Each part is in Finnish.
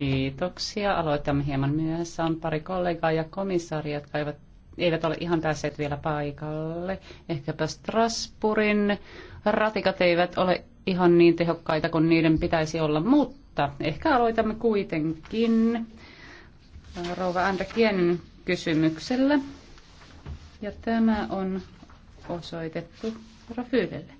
Kiitoksia. Aloitamme hieman myöhässä. On pari kollegaa ja komissaaria, jotka eivät, eivät ole ihan päässeet vielä paikalle. Ehkäpä Strasbourgin ratikat eivät ole ihan niin tehokkaita kuin niiden pitäisi olla, mutta ehkä aloitamme kuitenkin rouva Andrekien kysymyksellä. Ja tämä on osoitettu Rafyydelle.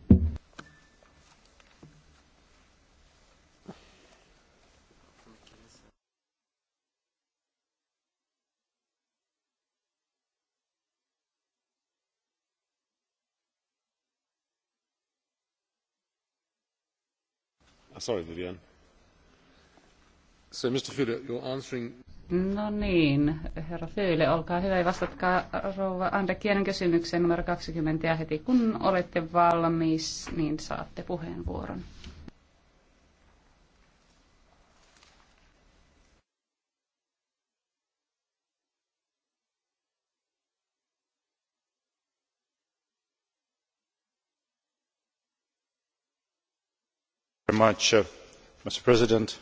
Sorry, Vivian. So, Mr. Füle, you're answering... No niin, herra Fyyle, olkaa hyvä ja vastatkaa rouva Andrekienen kysymykseen numero 20 ja heti kun olette valmis, niin saatte puheenvuoron. Mr. Uh, President.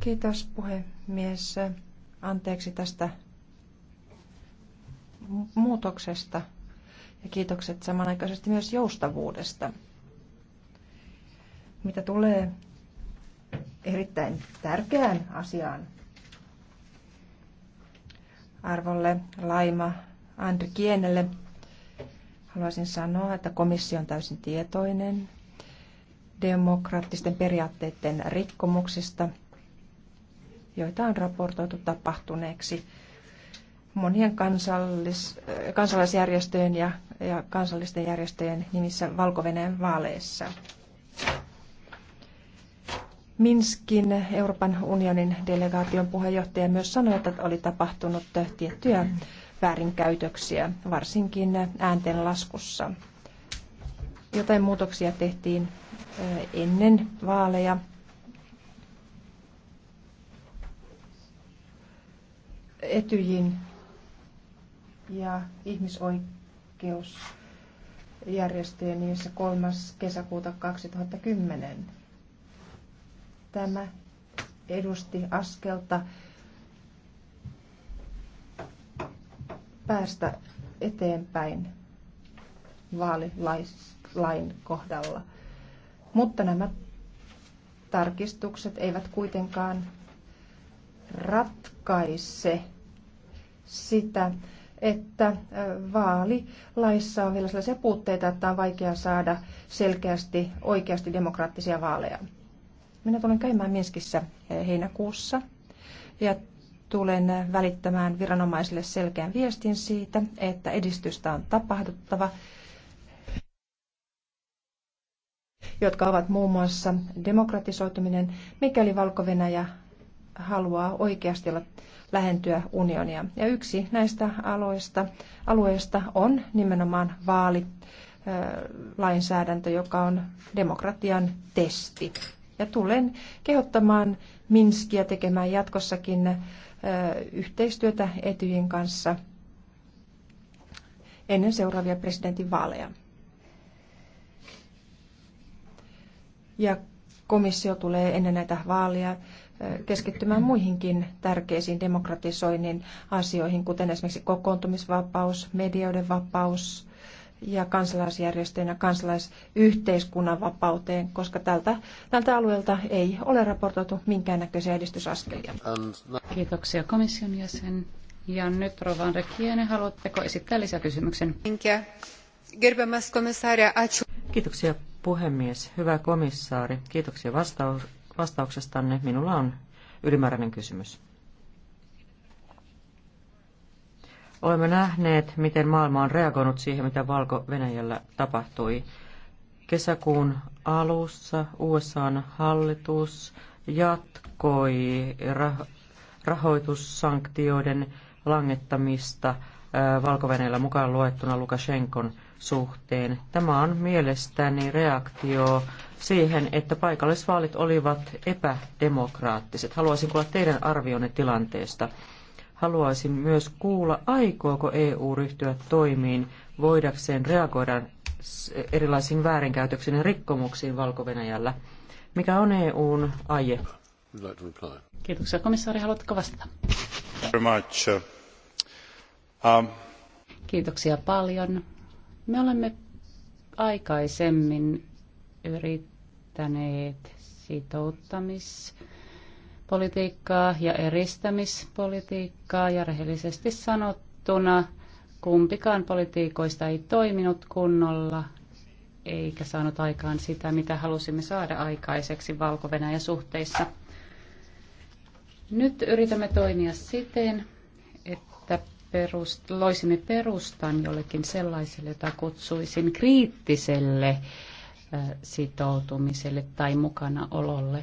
Kiitos puhemies. Anteeksi tästä muutoksesta ja kiitokset samanaikaisesti myös joustavuudesta. Mitä tulee erittäin tärkeään asiaan, arvolle Laima Andri Kienelle, haluaisin sanoa, että komissio on täysin tietoinen demokraattisten periaatteiden rikkomuksista, joita on raportoitu tapahtuneeksi monien kansallis, kansalaisjärjestöjen ja, ja kansallisten järjestöjen nimissä valko vaaleissa. Minskin Euroopan unionin delegaation puheenjohtaja myös sanoi, että oli tapahtunut tiettyjä väärinkäytöksiä, varsinkin ääntenlaskussa. laskussa. Jotain muutoksia tehtiin ennen vaaleja. Etyjin ja ihmisoikeusjärjestöjen niissä 3. kesäkuuta 2010. Tämä edusti askelta päästä eteenpäin vaalilaissa lain kohdalla. Mutta nämä tarkistukset eivät kuitenkaan ratkaise sitä, että vaalilaissa on vielä sellaisia puutteita, että on vaikea saada selkeästi, oikeasti demokraattisia vaaleja. Minä tulen käymään Minskissä heinäkuussa ja tulen välittämään viranomaisille selkeän viestin siitä, että edistystä on tapahduttava jotka ovat muun muassa demokratisoituminen, mikäli valko haluaa oikeasti lähentyä unionia. Ja yksi näistä aloista, alueista on nimenomaan vaalilainsäädäntö, joka on demokratian testi. Ja tulen kehottamaan Minskiä tekemään jatkossakin yhteistyötä Etyjin kanssa ennen seuraavia presidentinvaaleja. Ja komissio tulee ennen näitä vaaleja keskittymään muihinkin tärkeisiin demokratisoinnin asioihin, kuten esimerkiksi kokoontumisvapaus, medioiden vapaus ja kansalaisjärjestöjen ja kansalaisyhteiskunnan vapauteen, koska tältä, tältä alueelta ei ole raportoitu minkäännäköisiä edistysaskelia. Kiitoksia komission jäsen. Ja nyt Rovan Rekiene, haluatteko esittää lisäkysymyksen? Kiitoksia puhemies, hyvä komissaari, kiitoksia vastaus, vastauksestanne. Minulla on ylimääräinen kysymys. Olemme nähneet, miten maailma on reagoinut siihen, mitä Valko-Venäjällä tapahtui. Kesäkuun alussa USAn hallitus jatkoi rah- rahoitussanktioiden langettamista Valko-Venäjällä mukaan luettuna Lukashenkon suhteen. Tämä on mielestäni reaktio siihen, että paikallisvaalit olivat epädemokraattiset. Haluaisin kuulla teidän arvionne tilanteesta. Haluaisin myös kuulla, aikooko EU ryhtyä toimiin voidakseen reagoida erilaisiin väärinkäytöksiin ja rikkomuksiin valko -Venäjällä. Mikä on EUn aie? Kiitoksia. Komissaari, haluatko vastata? Very much. Um, Kiitoksia paljon. Me olemme aikaisemmin yrittäneet sitouttamispolitiikkaa ja eristämispolitiikkaa ja rehellisesti sanottuna kumpikaan politiikoista ei toiminut kunnolla eikä saanut aikaan sitä, mitä halusimme saada aikaiseksi valko suhteissa. Nyt yritämme toimia siten, perust, loisimme perustan jollekin sellaiselle, jota kutsuisin kriittiselle sitoutumiselle tai mukanaololle.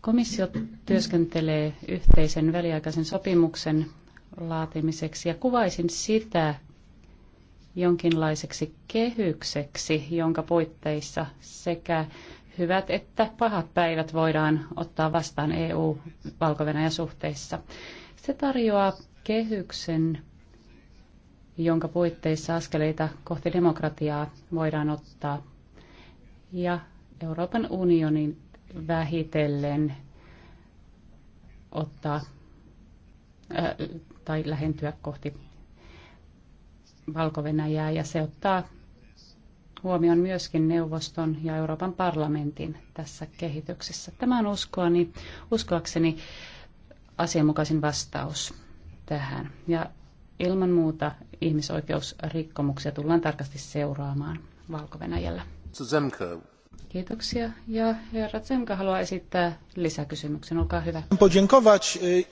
Komissio työskentelee yhteisen väliaikaisen sopimuksen laatimiseksi ja kuvaisin sitä jonkinlaiseksi kehykseksi, jonka puitteissa sekä hyvät että pahat päivät voidaan ottaa vastaan EU-Valko-Venäjä suhteissa. Se tarjoaa kehyksen, jonka puitteissa askeleita kohti demokratiaa voidaan ottaa. Ja Euroopan unionin vähitellen ottaa äh, tai lähentyä kohti valko ja se ottaa huomioon myöskin neuvoston ja Euroopan parlamentin tässä kehityksessä. Tämä on uskoani, uskoakseni asianmukaisin vastaus tähän. Ja ilman muuta ihmisoikeusrikkomuksia tullaan tarkasti seuraamaan valko Kiitoksia. Ja herra Zemka haluaa esittää lisäkysymyksen. Olkaa hyvä. E,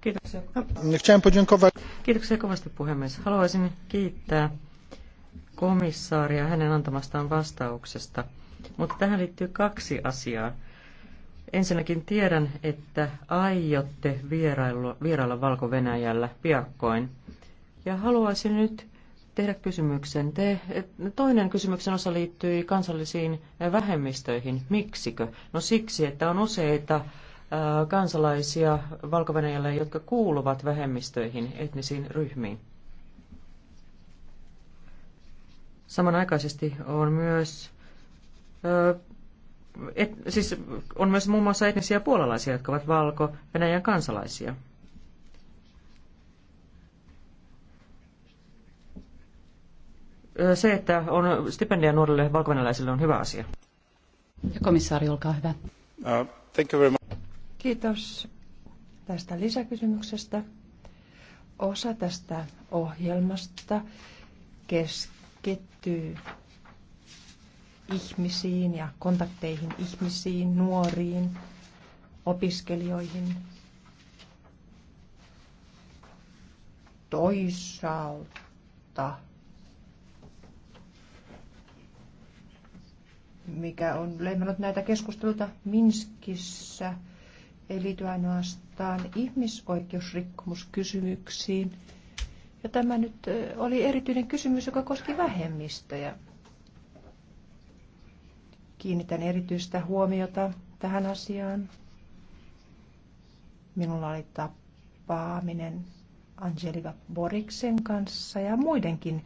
Kiitoksia. Kiitoksia kovasti puhemies. Haluaisin kiittää komissaaria hänen antamastaan vastauksesta. Mutta tähän liittyy kaksi asiaa. Ensinnäkin tiedän, että aiotte vierailla, vierailla Valko-Venäjällä piakkoin. Ja haluaisin nyt tehdä kysymyksen. Te, toinen kysymyksen osa liittyy kansallisiin vähemmistöihin. Miksikö? No siksi, että on useita kansalaisia valko jotka kuuluvat vähemmistöihin, etnisiin ryhmiin. Samanaikaisesti on myös et, siis on myös muun muassa etnisiä puolalaisia, jotka ovat valko-Venäjän kansalaisia. Se, että on stipendia nuorille valko on hyvä asia. Ja komissaari, olkaa hyvä. Uh, thank you very much. Kiitos tästä lisäkysymyksestä. Osa tästä ohjelmasta keskittyy ihmisiin ja kontakteihin ihmisiin, nuoriin, opiskelijoihin. Toisaalta, mikä on leimannut näitä keskusteluita Minskissä, ei liity ainoastaan ihmisoikeusrikkomuskysymyksiin. Ja tämä nyt oli erityinen kysymys, joka koski vähemmistöjä kiinnitän erityistä huomiota tähän asiaan. Minulla oli tapaaminen Angelika Boriksen kanssa ja muidenkin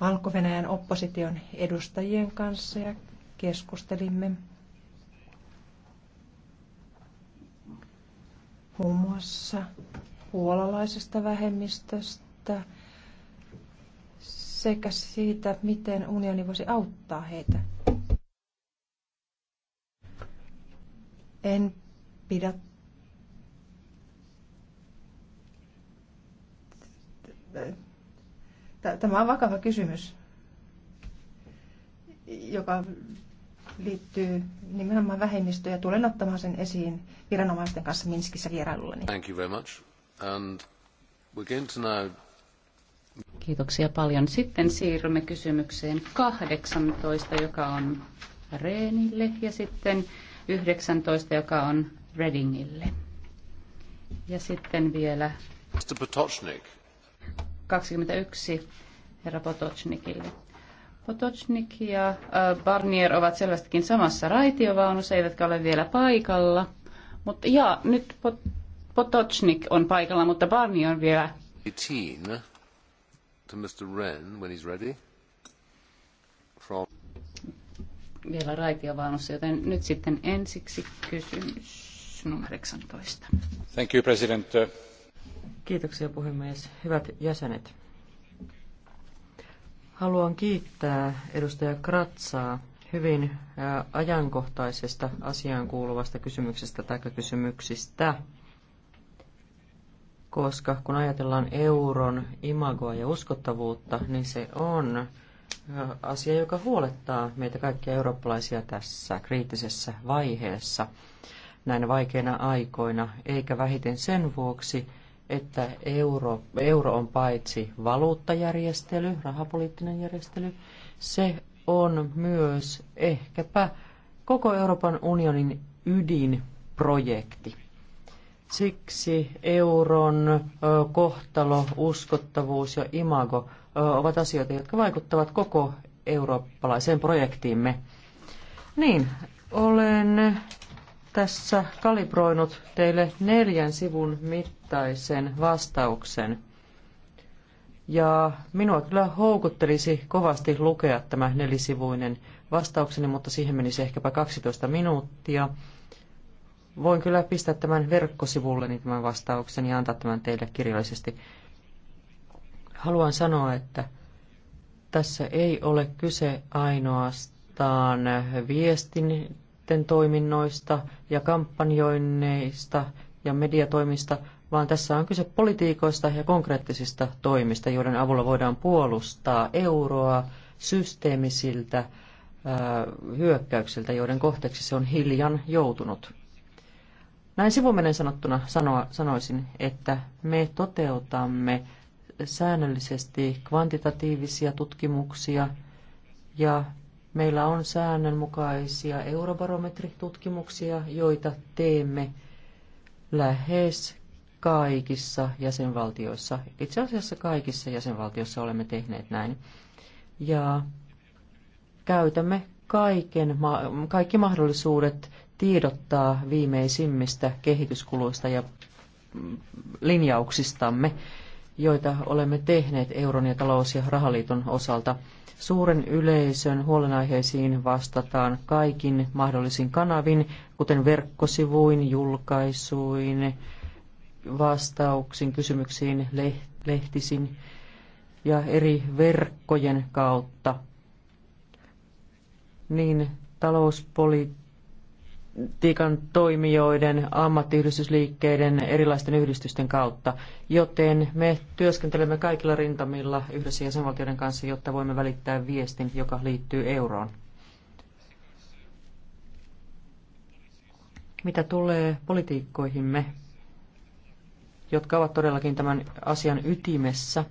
valko opposition edustajien kanssa ja keskustelimme muun muassa puolalaisesta vähemmistöstä sekä siitä, miten unioni voisi auttaa heitä. En pidä Tämä on vakava kysymys, joka liittyy nimenomaan vähemmistöön ja tulen ottamaan sen esiin viranomaisten kanssa Minskissä vierailullani. Thank you very much. And we're going to now... Kiitoksia paljon. Sitten siirrymme kysymykseen 18, joka on Reenille ja sitten 19, joka on Readingille. Ja sitten vielä 21 herra Potocnikille. Potocnik ja äh, Barnier ovat selvästikin samassa raitiovaunussa, eivätkä ole vielä paikalla. Mutta ja nyt Potocnik on paikalla, mutta Barnier on vielä. 18 to Mr. Wren when he's ready. From vielä raitiovaunussa, joten nyt sitten ensiksi kysymys numero 18. Thank you, President. Kiitoksia puhemies. Hyvät jäsenet. Haluan kiittää edustaja Kratsaa hyvin ajankohtaisesta asiaan kuuluvasta kysymyksestä tai kysymyksistä, koska kun ajatellaan euron imagoa ja uskottavuutta, niin se on asia, joka huolettaa meitä kaikkia eurooppalaisia tässä kriittisessä vaiheessa näinä vaikeina aikoina, eikä vähiten sen vuoksi, että euro, euro on paitsi valuuttajärjestely, rahapoliittinen järjestely, se on myös ehkäpä koko Euroopan unionin ydinprojekti. Siksi euron kohtalo, uskottavuus ja imago ovat asioita, jotka vaikuttavat koko eurooppalaiseen projektiimme. Niin, olen tässä kalibroinut teille neljän sivun mittaisen vastauksen. Ja minua kyllä houkuttelisi kovasti lukea tämä nelisivuinen vastaukseni, mutta siihen menisi ehkäpä 12 minuuttia. Voin kyllä pistää tämän verkkosivulleni tämän vastauksen ja antaa tämän teille kirjallisesti haluan sanoa, että tässä ei ole kyse ainoastaan viestinten toiminnoista ja kampanjoinneista ja mediatoimista, vaan tässä on kyse politiikoista ja konkreettisista toimista, joiden avulla voidaan puolustaa euroa systeemisiltä äh, hyökkäyksiltä, joiden kohteeksi se on hiljan joutunut. Näin sivumenen sanottuna sanoa, sanoisin, että me toteutamme säännöllisesti kvantitatiivisia tutkimuksia ja meillä on säännönmukaisia eurobarometritutkimuksia, joita teemme lähes kaikissa jäsenvaltioissa. Itse asiassa kaikissa jäsenvaltioissa olemme tehneet näin. Ja käytämme kaiken, kaikki mahdollisuudet tiedottaa viimeisimmistä kehityskuluista ja mm, linjauksistamme joita olemme tehneet euron ja talous- ja rahaliiton osalta. Suuren yleisön huolenaiheisiin vastataan kaikin mahdollisin kanavin, kuten verkkosivuin, julkaisuin, vastauksin, kysymyksiin, lehtisin ja eri verkkojen kautta. Niin talouspolitiikka politiikan toimijoiden, ammattiyhdistysliikkeiden, erilaisten yhdistysten kautta, joten me työskentelemme kaikilla rintamilla yhdessä jäsenvaltioiden kanssa, jotta voimme välittää viestin, joka liittyy euroon. Mitä tulee politiikkoihimme, jotka ovat todellakin tämän asian ytimessä,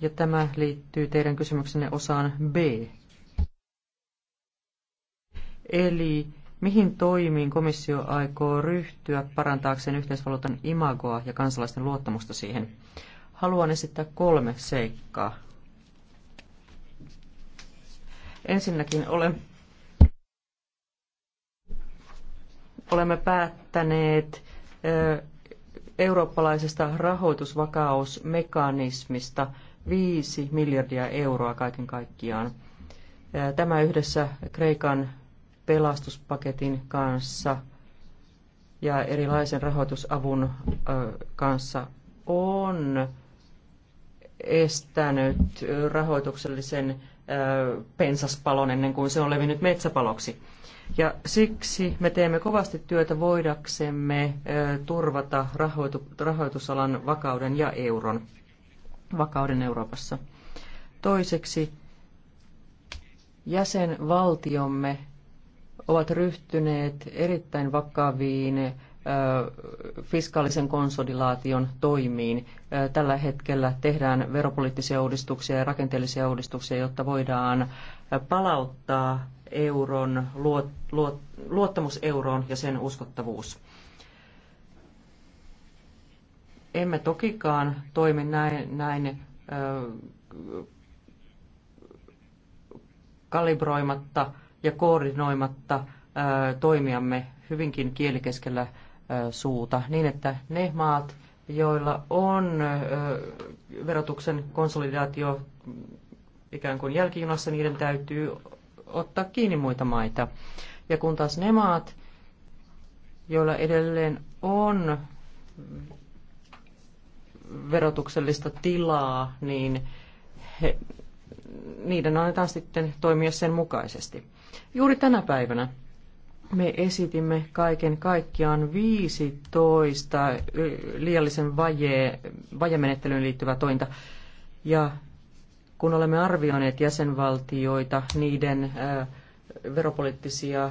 ja tämä liittyy teidän kysymyksenne osaan B. Eli Mihin toimiin komissio aikoo ryhtyä parantaakseen yhteisvaluutan imagoa ja kansalaisten luottamusta siihen? Haluan esittää kolme seikkaa. Ensinnäkin olen, olemme päättäneet ö, eurooppalaisesta rahoitusvakausmekanismista 5 miljardia euroa kaiken kaikkiaan. Tämä yhdessä Kreikan pelastuspaketin kanssa ja erilaisen rahoitusavun kanssa on estänyt rahoituksellisen pensaspalon ennen kuin se on levinnyt metsäpaloksi. Ja siksi me teemme kovasti työtä voidaksemme turvata rahoitusalan vakauden ja euron vakauden Euroopassa. Toiseksi jäsenvaltiomme ovat ryhtyneet erittäin vakaviin fiskaalisen konsolidaation toimiin. Tällä hetkellä tehdään veropoliittisia uudistuksia ja rakenteellisia uudistuksia, jotta voidaan palauttaa euron, luot, luot, luottamus euroon ja sen uskottavuus. Emme tokikaan toimi näin, näin äh, kalibroimatta – ja koordinoimatta toimiamme hyvinkin kielikeskellä suuta, niin että ne maat, joilla on verotuksen konsolidaatio ikään kuin jälkijunassa, niiden täytyy ottaa kiinni muita maita. Ja kun taas ne maat, joilla edelleen on verotuksellista tilaa, niin he, niiden annetaan sitten toimia sen mukaisesti. Juuri tänä päivänä me esitimme kaiken kaikkiaan 15 liiallisen vaje, vajemenettelyyn liittyvää tointa. Ja kun olemme arvioineet jäsenvaltioita, niiden veropoliittisia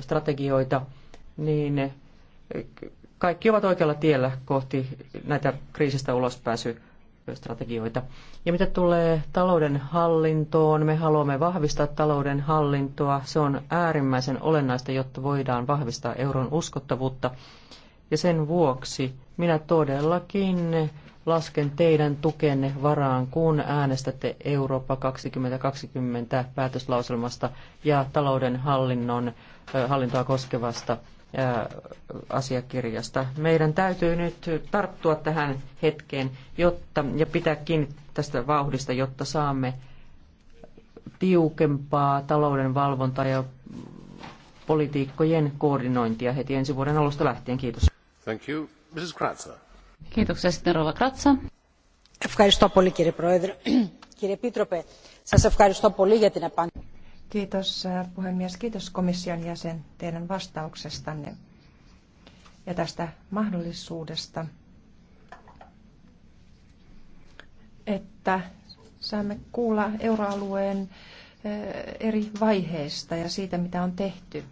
strategioita, niin kaikki ovat oikealla tiellä kohti näitä kriisistä ulospääsyä strategioita. Ja mitä tulee talouden hallintoon, me haluamme vahvistaa talouden hallintoa. Se on äärimmäisen olennaista, jotta voidaan vahvistaa euron uskottavuutta. Ja sen vuoksi minä todellakin lasken teidän tukenne varaan, kun äänestätte Eurooppa 2020 päätöslauselmasta ja talouden hallinnon, hallintoa koskevasta asiakirjasta. Meidän täytyy nyt tarttua tähän hetkeen jotta, ja pitää kiinni tästä vauhdista, jotta saamme tiukempaa talouden valvontaa ja politiikkojen koordinointia heti ensi vuoden alusta lähtien. Kiitos. Thank you. Mrs. Kratsa. Kiitoksia sitten Rova Kratsa. Ευχαριστώ πολύ κύριε Πρόεδρε. Κύριε Επίτροπε, σας ευχαριστώ πολύ για την απάντηση. Kiitos puhemies, kiitos komission jäsen teidän vastauksestanne ja tästä mahdollisuudesta, että saamme kuulla euroalueen eh, eri vaiheista ja siitä, mitä on tehty.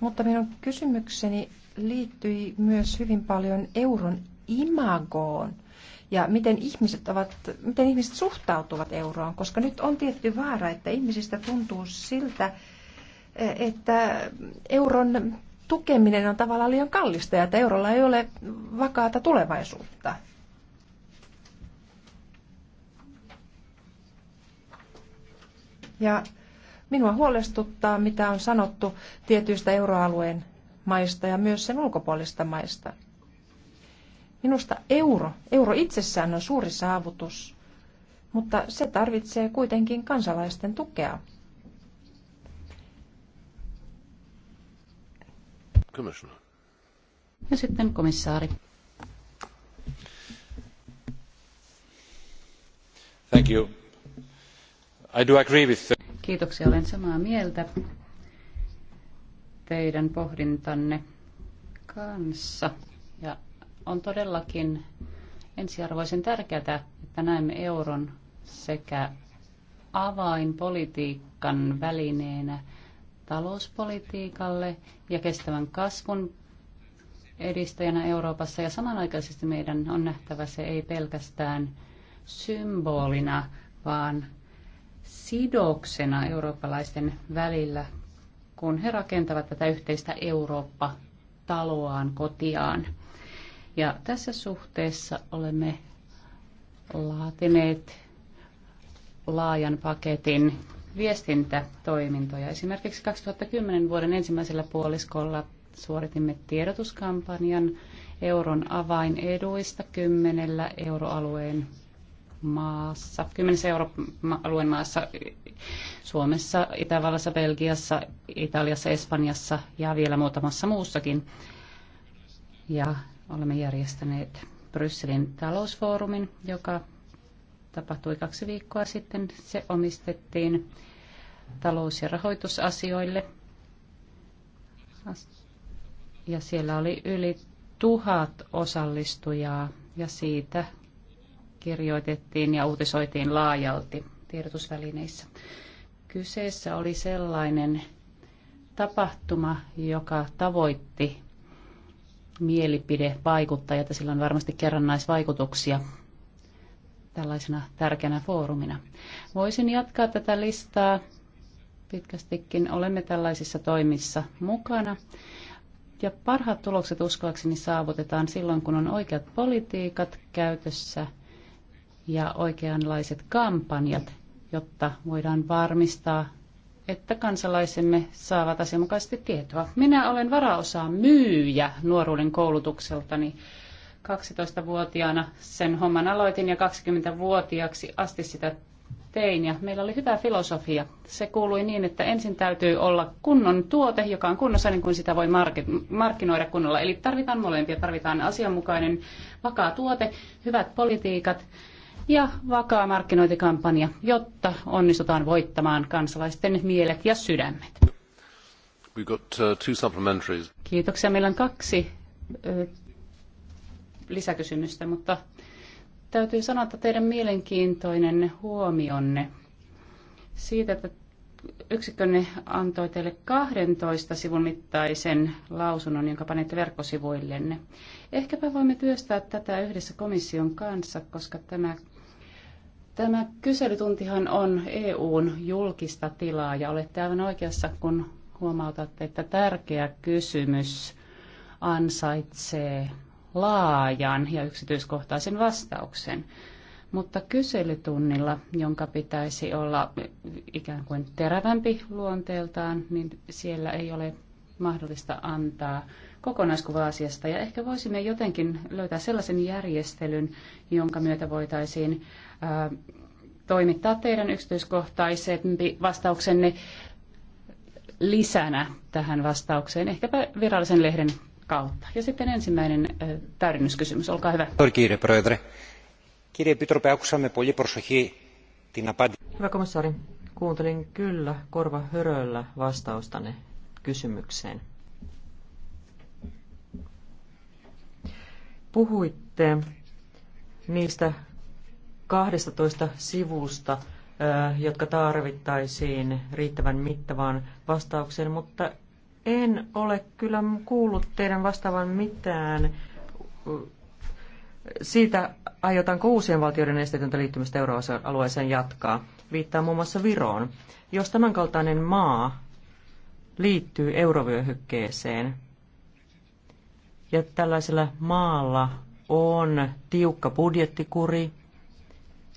Mutta minun kysymykseni liittyi myös hyvin paljon euron imagoon – ja miten ihmiset, ovat, miten ihmiset suhtautuvat euroon, koska nyt on tietty vaara, että ihmisistä tuntuu siltä, eh, että euron tukeminen on tavallaan liian kallista ja että eurolla ei ole vakaata tulevaisuutta. Ja minua huolestuttaa, mitä on sanottu tietyistä euroalueen maista ja myös sen ulkopuolista maista. Minusta euro, euro itsessään on suuri saavutus, mutta se tarvitsee kuitenkin kansalaisten tukea. Commissioner. Ja sitten komissaari. Thank you. I do agree with the... Kiitoksia, olen samaa mieltä teidän pohdintanne kanssa on todellakin ensiarvoisen tärkeää, että näemme euron sekä avainpolitiikan välineenä talouspolitiikalle ja kestävän kasvun edistäjänä Euroopassa. Ja samanaikaisesti meidän on nähtävä se ei pelkästään symbolina, vaan sidoksena eurooppalaisten välillä, kun he rakentavat tätä yhteistä Eurooppa-taloaan, kotiaan. Ja tässä suhteessa olemme laatineet laajan paketin viestintätoimintoja. Esimerkiksi 2010 vuoden ensimmäisellä puoliskolla suoritimme tiedotuskampanjan euron eduista kymmenellä euroalueen maassa, kymmenessä euroalueen maassa Suomessa, Itävallassa, Belgiassa, Italiassa, Espanjassa ja vielä muutamassa muussakin. Ja Olemme järjestäneet Brysselin talousfoorumin, joka tapahtui kaksi viikkoa sitten. Se omistettiin talous- ja rahoitusasioille. Ja siellä oli yli tuhat osallistujaa ja siitä kirjoitettiin ja uutisoitiin laajalti tiedotusvälineissä. Kyseessä oli sellainen tapahtuma, joka tavoitti mielipide vaikuttaa ja sillä on varmasti kerrannaisvaikutuksia tällaisena tärkeänä foorumina. Voisin jatkaa tätä listaa pitkästikin. Olemme tällaisissa toimissa mukana. Ja parhaat tulokset uskoakseni saavutetaan silloin, kun on oikeat politiikat käytössä ja oikeanlaiset kampanjat, jotta voidaan varmistaa että kansalaisemme saavat asianmukaisesti tietoa. Minä olen varaosa myyjä nuoruuden koulutukseltani. 12-vuotiaana sen homman aloitin ja 20-vuotiaaksi asti sitä tein ja meillä oli hyvä filosofia. Se kuului niin, että ensin täytyy olla kunnon tuote, joka on kunnossa niin kuin sitä voi markkinoida kunnolla. Eli tarvitaan molempia, tarvitaan asianmukainen, vakaa tuote, hyvät politiikat ja vakaa markkinointikampanja, jotta onnistutaan voittamaan kansalaisten mielet ja sydämet. got, uh, two supplementaries. Kiitoksia. Meillä on kaksi ö, lisäkysymystä, mutta täytyy sanoa, että teidän mielenkiintoinen huomionne siitä, että yksikkönne antoi teille 12 sivun mittaisen lausunnon, jonka panitte verkkosivuillenne. Ehkäpä voimme työstää tätä yhdessä komission kanssa, koska tämä Tämä kyselytuntihan on EUn julkista tilaa ja olette aivan oikeassa, kun huomautatte, että tärkeä kysymys ansaitsee laajan ja yksityiskohtaisen vastauksen. Mutta kyselytunnilla, jonka pitäisi olla ikään kuin terävämpi luonteeltaan, niin siellä ei ole mahdollista antaa kokonaiskuva asiasta ja ehkä voisimme jotenkin löytää sellaisen järjestelyn, jonka myötä voitaisiin toimittaa teidän yksityiskohtaisempi vastauksenne lisänä tähän vastaukseen, ehkäpä virallisen lehden kautta. Ja sitten ensimmäinen täydennyskysymys, olkaa hyvä. Kirje Hyvä komissaari, kuuntelin kyllä korva höröllä vastaustanne kysymykseen. Puhuitte niistä 12 sivusta, jotka tarvittaisiin riittävän mittavaan vastaukseen, mutta en ole kyllä kuullut teidän vastaavan mitään siitä aiotaanko uusien valtioiden esteetöntä liittymistä euroalueeseen jatkaa. Viittaa muun muassa Viroon. Jos tämänkaltainen maa liittyy eurovyöhykkeeseen, ja tällaisella maalla on tiukka budjettikuri,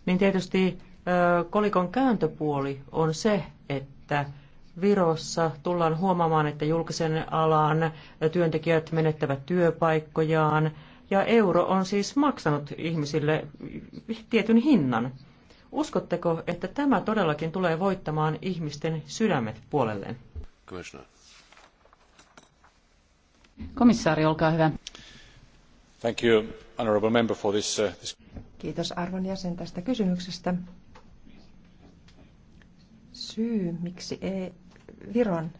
niin tietysti kolikon kääntöpuoli on se, että Virossa tullaan huomaamaan, että julkisen alan työntekijät menettävät työpaikkojaan ja euro on siis maksanut ihmisille tietyn hinnan. Uskotteko, että tämä todellakin tulee voittamaan ihmisten sydämet puolelleen? Commissioner. Komissaari, olkaa hyvä. Thank you, honorable member for this, uh, this... Kiitos arvon jäsen tästä kysymyksestä. Syy, miksi ei Viron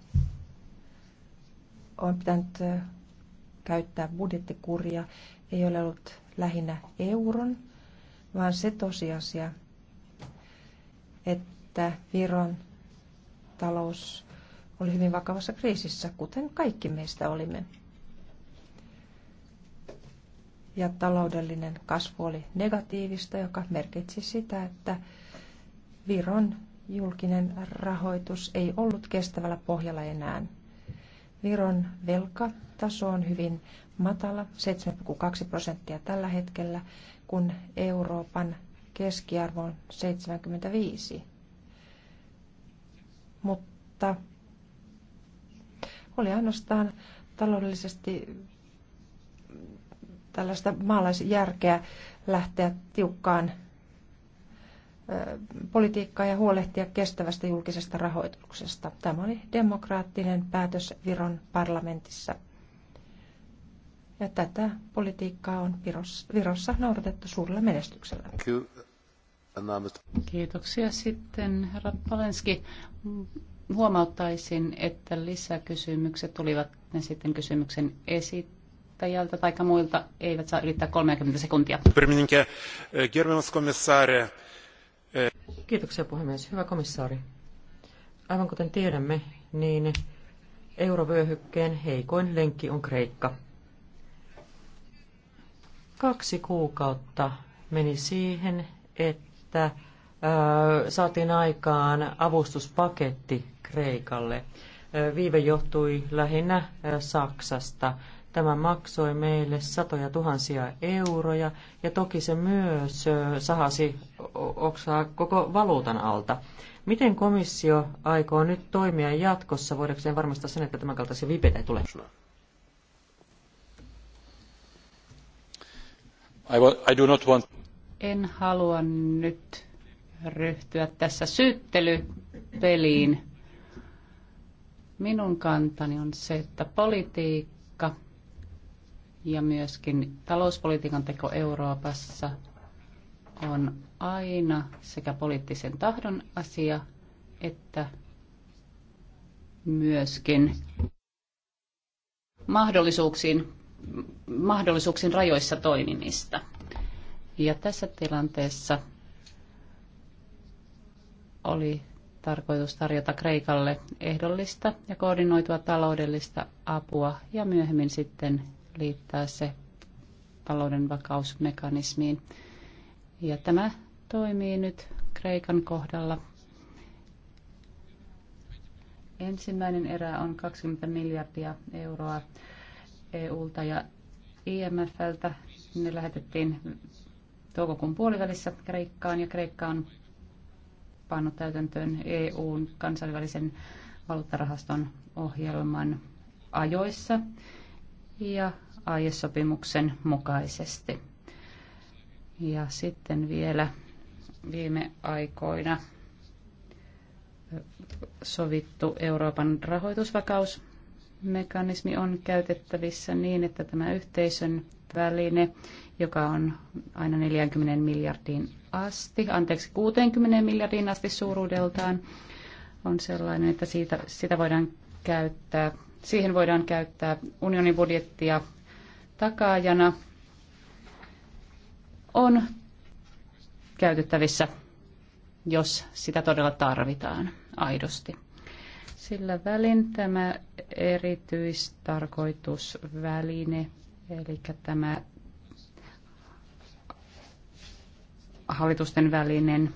on pitänyt käyttää budjettikuria, ei ole ollut lähinnä euron, vaan se tosiasia, että Viron talous oli hyvin vakavassa kriisissä, kuten kaikki meistä olimme ja taloudellinen kasvu oli negatiivista, joka merkitsi sitä, että Viron julkinen rahoitus ei ollut kestävällä pohjalla enää. Viron velkataso on hyvin matala, 7,2 prosenttia tällä hetkellä, kun Euroopan keskiarvo on 75. Mutta oli ainoastaan taloudellisesti tällaista maalaisjärkeä lähteä tiukkaan politiikkaa ja huolehtia kestävästä julkisesta rahoituksesta. Tämä oli demokraattinen päätös Viron parlamentissa. Ja tätä politiikkaa on Virossa noudatettu suurella menestyksellä. Kiitoksia sitten, herra Palenski. Huomauttaisin, että lisäkysymykset tulivat ne sitten kysymyksen esit toimittajalta tai muilta eivät saa ylittää 30 sekuntia. Kiitoksia puhemies. Hyvä komissaari. Aivan kuten tiedämme, niin eurovyöhykkeen heikoin lenkki on Kreikka. Kaksi kuukautta meni siihen, että saatiin aikaan avustuspaketti Kreikalle. Viive johtui lähinnä Saksasta. Tämä maksoi meille satoja tuhansia euroja ja toki se myös sahasi oksaa koko valuutan alta. Miten komissio aikoo nyt toimia jatkossa, sen varmistaa sen, että tämän kaltaisia vipeitä ei tule? En halua nyt ryhtyä tässä syyttelypeliin. Minun kantani on se, että politiikka ja myöskin talouspolitiikan teko Euroopassa on aina sekä poliittisen tahdon asia että myöskin mahdollisuuksiin, mahdollisuuksiin rajoissa toimimista. Ja tässä tilanteessa oli tarkoitus tarjota Kreikalle ehdollista ja koordinoitua taloudellista apua ja myöhemmin sitten liittää se talouden vakausmekanismiin. Ja tämä toimii nyt Kreikan kohdalla. Ensimmäinen erä on 20 miljardia euroa EUlta ja IMFltä. Ne lähetettiin toukokuun puolivälissä Kreikkaan ja Kreikka on pannut täytäntöön EUn kansainvälisen valuuttarahaston ohjelman ajoissa. Ja aiesopimuksen mukaisesti. Ja sitten vielä viime aikoina sovittu Euroopan rahoitusvakausmekanismi on käytettävissä niin, että tämä yhteisön väline, joka on aina 40 miljardiin asti, anteeksi 60 miljardiin asti suuruudeltaan, on sellainen, että siitä, sitä voidaan käyttää, siihen voidaan käyttää unionin budjettia takaajana on käytettävissä, jos sitä todella tarvitaan aidosti. Sillä välin tämä erityistarkoitusväline, eli tämä hallitusten välinen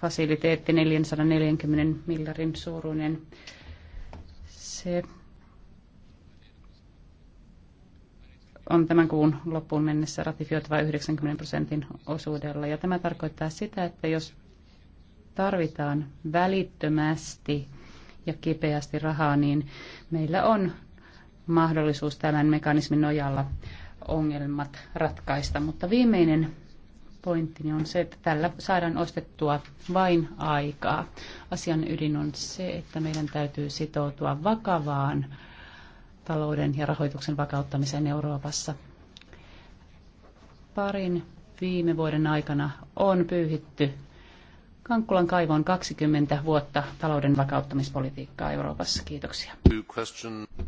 fasiliteetti 440 miljardin suuruinen, se on tämän kuun loppuun mennessä ratifioitava 90 prosentin osuudella. Ja tämä tarkoittaa sitä, että jos tarvitaan välittömästi ja kipeästi rahaa, niin meillä on mahdollisuus tämän mekanismin nojalla ongelmat ratkaista. Mutta viimeinen pointti on se, että tällä saadaan ostettua vain aikaa. Asian ydin on se, että meidän täytyy sitoutua vakavaan talouden ja rahoituksen vakauttamiseen Euroopassa. Parin viime vuoden aikana on pyyhitty Kankkulan kaivoon 20 vuotta talouden vakauttamispolitiikkaa Euroopassa. Kiitoksia.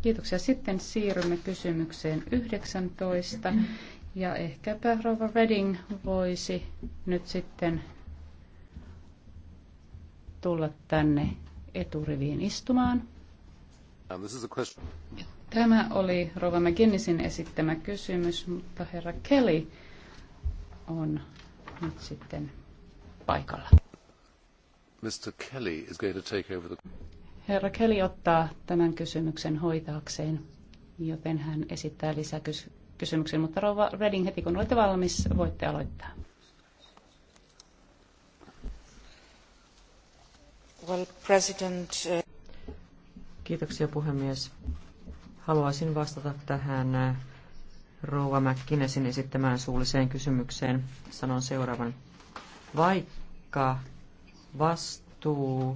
Kiitoksia. Sitten siirrymme kysymykseen 19. Ja ehkäpä Rova Redding voisi nyt sitten tulla tänne eturiviin istumaan. Tämä oli Rova McGinnisin esittämä kysymys, mutta herra Kelly on nyt sitten paikalla. Mr. Kelly is going to take over the... Herra Kelly ottaa tämän kysymyksen hoitaakseen, joten hän esittää lisäkysymyksen. Mutta Rova Redding, heti kun olette valmis, voitte aloittaa. Well, President... Uh- Kiitoksia puhemies. Haluaisin vastata tähän äh, Rouva Mäkkinesin esittämään suulliseen kysymykseen. Sanon seuraavan. Vaikka vastuu ö,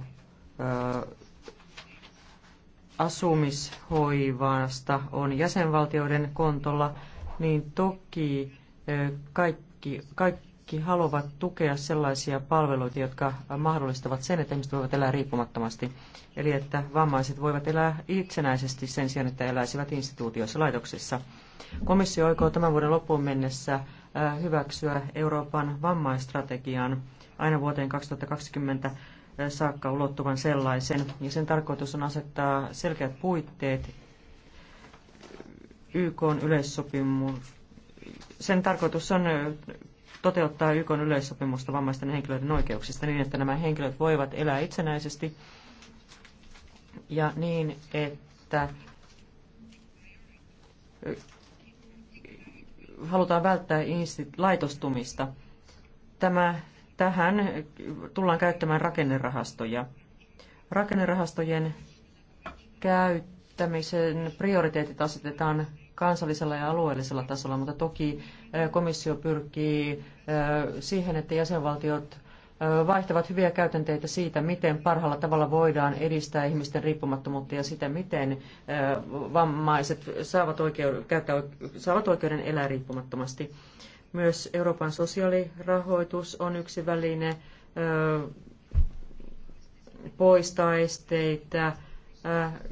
asumishoivasta on jäsenvaltioiden kontolla, niin toki ö, kaikki, kaikki kaikki haluavat tukea sellaisia palveluita, jotka mahdollistavat sen, että ihmiset voivat elää riippumattomasti. Eli että vammaiset voivat elää itsenäisesti sen sijaan, että eläisivät instituutioissa laitoksissa. Komissio aikoo tämän vuoden loppuun mennessä äh, hyväksyä Euroopan vammaistrategian aina vuoteen 2020 äh, saakka ulottuvan sellaisen. Ja sen tarkoitus on asettaa selkeät puitteet YK yleissopimus. Sen tarkoitus on toteuttaa YK yleissopimusta vammaisten henkilöiden oikeuksista niin, että nämä henkilöt voivat elää itsenäisesti ja niin, että halutaan välttää laitostumista. Tämä, tähän tullaan käyttämään rakennerahastoja. Rakennerahastojen käyttämisen prioriteetit asetetaan kansallisella ja alueellisella tasolla, mutta toki komissio pyrkii siihen, että jäsenvaltiot vaihtavat hyviä käytänteitä siitä, miten parhaalla tavalla voidaan edistää ihmisten riippumattomuutta ja sitä, miten vammaiset saavat, oikeuden, saavat oikeuden elää riippumattomasti. Myös Euroopan sosiaalirahoitus on yksi väline poistaa esteitä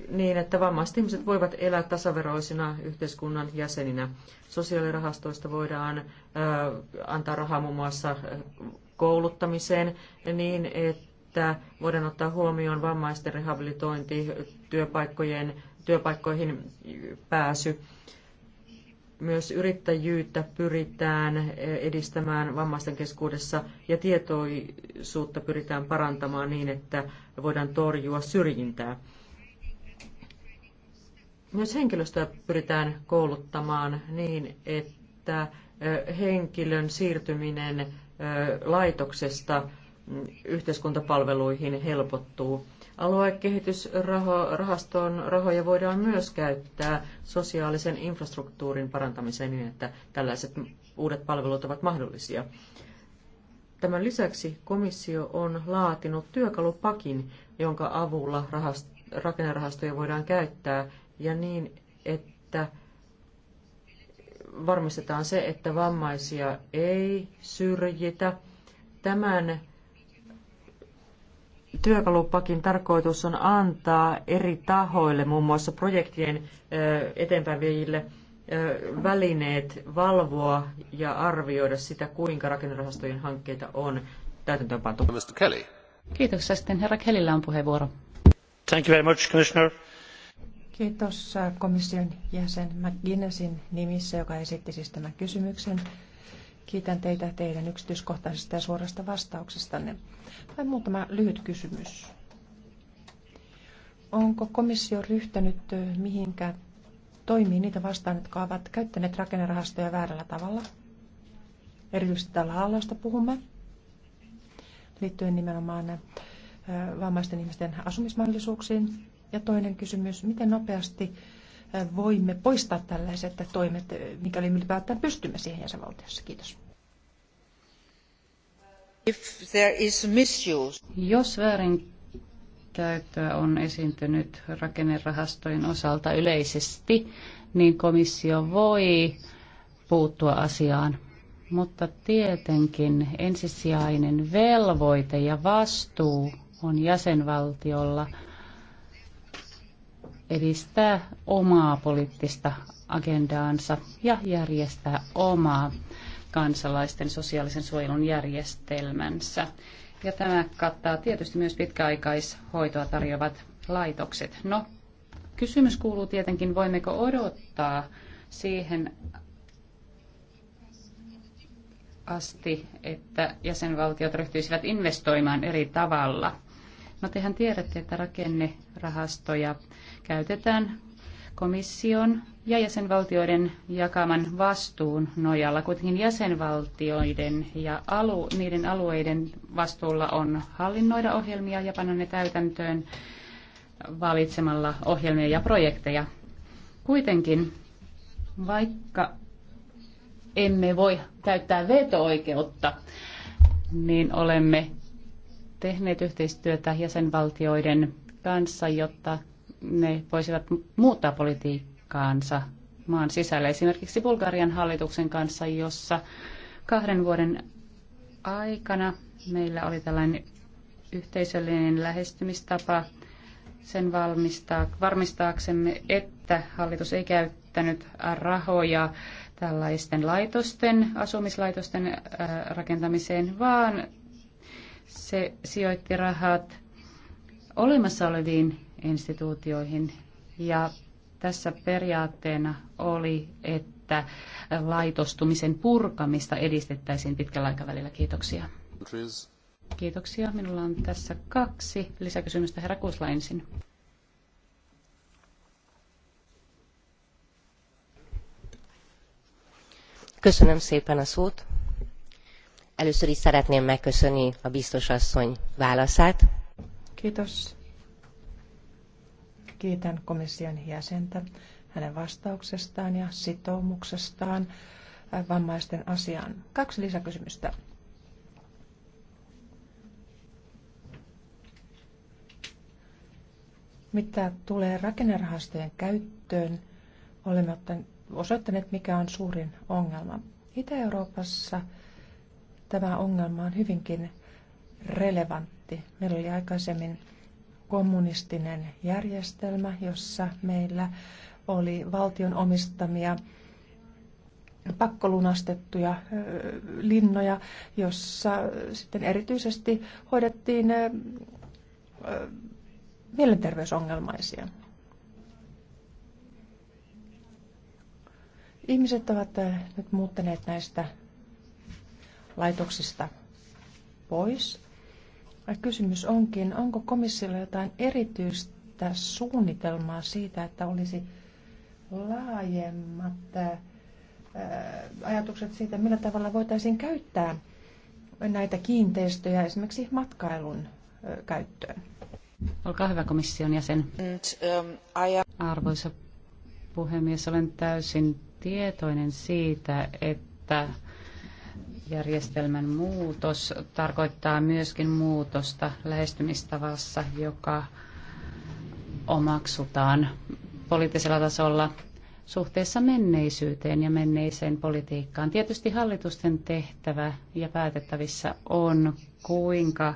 niin, että vammaiset ihmiset voivat elää tasaveroisina yhteiskunnan jäseninä. Sosiaalirahastoista voidaan antaa rahaa muun muassa kouluttamiseen niin, että voidaan ottaa huomioon vammaisten rehabilitointi, työpaikkojen, työpaikkoihin pääsy. Myös yrittäjyyttä pyritään edistämään vammaisten keskuudessa ja tietoisuutta pyritään parantamaan niin, että voidaan torjua syrjintää. Myös henkilöstöä pyritään kouluttamaan niin, että henkilön siirtyminen laitoksesta mm, yhteiskuntapalveluihin helpottuu. Aluekehitysrahaston rahoja voidaan myös käyttää sosiaalisen infrastruktuurin parantamiseen niin, että tällaiset uudet palvelut ovat mahdollisia. Tämän lisäksi komissio on laatinut työkalupakin, jonka avulla rahast- rakennerahastoja voidaan käyttää ja niin, että varmistetaan se, että vammaisia ei syrjitä. Tämän työkalupakin tarkoitus on antaa eri tahoille, muun muassa projektien eteenpäinviejille, välineet valvoa ja arvioida sitä, kuinka rakennerahastojen hankkeita on täytäntöönpantu. Mr. Kelly. Kiitoksia. Sitten herra Kellyllä on puheenvuoro. Thank you very much, Commissioner. Kiitos komission jäsen McGuinnessin nimissä, joka esitti siis tämän kysymyksen. Kiitän teitä teidän yksityiskohtaisesta ja suorasta vastauksestanne. Vain muutama lyhyt kysymys. Onko komissio ryhtynyt mihinkä toimii niitä vastaan, jotka ovat käyttäneet rakennerahastoja väärällä tavalla? Erityisesti tällä hallausta puhumme, liittyen nimenomaan vammaisten ihmisten asumismahdollisuuksiin. Ja toinen kysymys, miten nopeasti voimme poistaa tällaiset toimet, mikäli ylipäätään pystymme siihen jäsenvaltiossa? Kiitos. If there is misuse. Jos väärinkäyttöä on esiintynyt rakennerahastojen osalta yleisesti, niin komissio voi puuttua asiaan. Mutta tietenkin ensisijainen velvoite ja vastuu on jäsenvaltiolla – edistää omaa poliittista agendaansa ja järjestää omaa kansalaisten sosiaalisen suojelun järjestelmänsä. Ja tämä kattaa tietysti myös pitkäaikaishoitoa tarjoavat laitokset. No, kysymys kuuluu tietenkin, voimmeko odottaa siihen asti, että jäsenvaltiot ryhtyisivät investoimaan eri tavalla. No tehän tiedätte, että rakennerahastoja käytetään komission ja jäsenvaltioiden jakaman vastuun nojalla. Kuitenkin jäsenvaltioiden ja alu, niiden alueiden vastuulla on hallinnoida ohjelmia ja panna ne täytäntöön valitsemalla ohjelmia ja projekteja. Kuitenkin, vaikka emme voi käyttää veto-oikeutta, niin olemme tehneet yhteistyötä jäsenvaltioiden kanssa, jotta ne voisivat muuttaa politiikkaansa maan sisällä. Esimerkiksi Bulgarian hallituksen kanssa, jossa kahden vuoden aikana meillä oli tällainen yhteisöllinen lähestymistapa sen valmistaa, varmistaaksemme, että hallitus ei käyttänyt rahoja tällaisten laitosten, asumislaitosten äh, rakentamiseen, vaan se sijoitti rahat olemassa oleviin instituutioihin. Ja tässä periaatteena oli, että laitostumisen purkamista edistettäisiin pitkällä aikavälillä. Kiitoksia. Kiitoksia. Minulla on tässä kaksi lisäkysymystä. Herra Kuusla ensin. Köszönöm szépen a szót. Először is szeretném megköszönni a biztos asszony válaszát. Kiitos Kiitän komission jäsentä hänen vastauksestaan ja sitoumuksestaan äh, vammaisten asiaan. Kaksi lisäkysymystä. Mitä tulee rakennerahastojen käyttöön, olemme osoittaneet, mikä on suurin ongelma. Itä-Euroopassa tämä ongelma on hyvinkin relevantti. Meillä oli aikaisemmin kommunistinen järjestelmä, jossa meillä oli valtion omistamia pakkolunastettuja linnoja, jossa sitten erityisesti hoidettiin mielenterveysongelmaisia. Ihmiset ovat nyt muuttaneet näistä laitoksista pois Äh, kysymys onkin, onko komissiolla jotain erityistä suunnitelmaa siitä, että olisi laajemmat äh, ajatukset siitä, millä tavalla voitaisiin käyttää näitä kiinteistöjä esimerkiksi matkailun äh, käyttöön. Olkaa hyvä komission jäsen. Um, Arvoisa puhemies, olen täysin tietoinen siitä, että järjestelmän muutos tarkoittaa myöskin muutosta lähestymistavassa, joka omaksutaan poliittisella tasolla suhteessa menneisyyteen ja menneiseen politiikkaan. Tietysti hallitusten tehtävä ja päätettävissä on, kuinka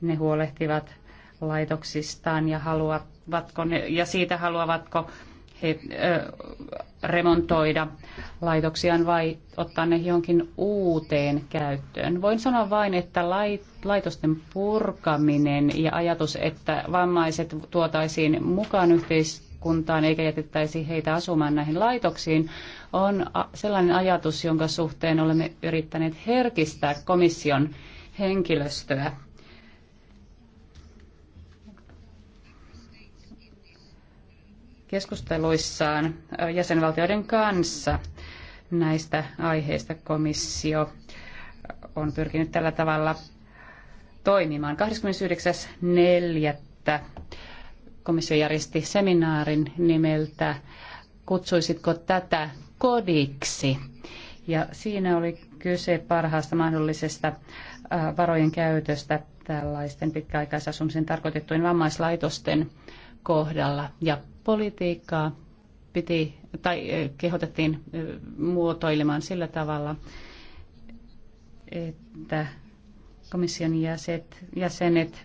ne huolehtivat laitoksistaan ja haluavatko ne, ja siitä haluavatko he, remontoida laitoksiaan vai ottaa ne johonkin uuteen käyttöön. Voin sanoa vain, että laitosten purkaminen ja ajatus, että vammaiset tuotaisiin mukaan yhteiskuntaan eikä jätettäisi heitä asumaan näihin laitoksiin, on sellainen ajatus, jonka suhteen olemme yrittäneet herkistää komission henkilöstöä keskusteluissaan jäsenvaltioiden kanssa näistä aiheista komissio on pyrkinyt tällä tavalla toimimaan. 29.4. komissio järjesti seminaarin nimeltä Kutsuisitko tätä kodiksi? Ja siinä oli kyse parhaasta mahdollisesta varojen käytöstä tällaisten pitkäaikaisasumisen tarkoitettujen vammaislaitosten kohdalla ja politiikkaa piti, tai kehotettiin muotoilemaan sillä tavalla, että komission jäset, jäsenet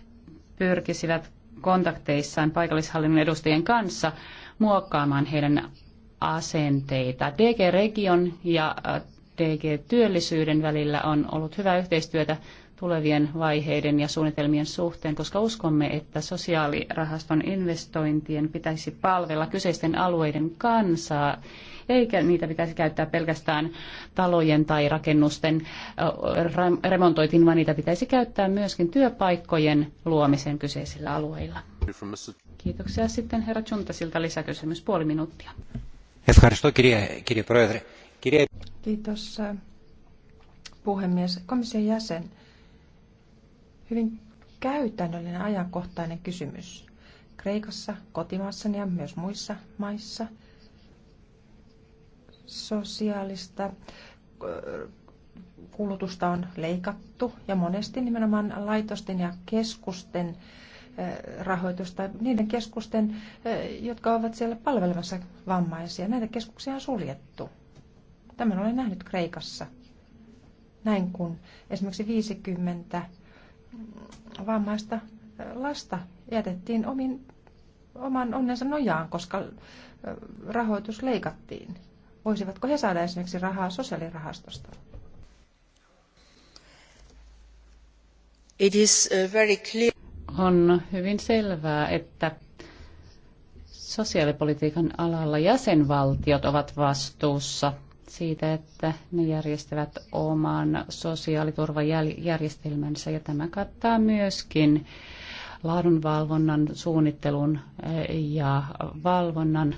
pyrkisivät kontakteissaan paikallishallinnon edustajien kanssa muokkaamaan heidän asenteita. DG-region ja DG-työllisyyden välillä on ollut hyvää yhteistyötä tulevien vaiheiden ja suunnitelmien suhteen, koska uskomme, että sosiaalirahaston investointien pitäisi palvella kyseisten alueiden kansaa, eikä niitä pitäisi käyttää pelkästään talojen tai rakennusten remontoitiin, vaan niitä pitäisi käyttää myöskin työpaikkojen luomisen kyseisillä alueilla. Kiitoksia sitten herra Chuntasilta lisäkysymys puoli minuuttia. Kiitos puhemies. Komission jäsen hyvin käytännöllinen ajankohtainen kysymys. Kreikassa, kotimaassani ja myös muissa maissa sosiaalista kulutusta on leikattu ja monesti nimenomaan laitosten ja keskusten rahoitusta, niiden keskusten, jotka ovat siellä palvelemassa vammaisia. Näitä keskuksia on suljettu. Tämän olen nähnyt Kreikassa. Näin kun esimerkiksi 50 vammaista lasta jätettiin omin, oman onnensa nojaan, koska rahoitus leikattiin. Voisivatko he saada esimerkiksi rahaa sosiaalirahastosta? It is very clear. On hyvin selvää, että sosiaalipolitiikan alalla jäsenvaltiot ovat vastuussa siitä, että ne järjestävät oman sosiaaliturvajärjestelmänsä ja tämä kattaa myöskin laadunvalvonnan, suunnittelun eh, ja valvonnan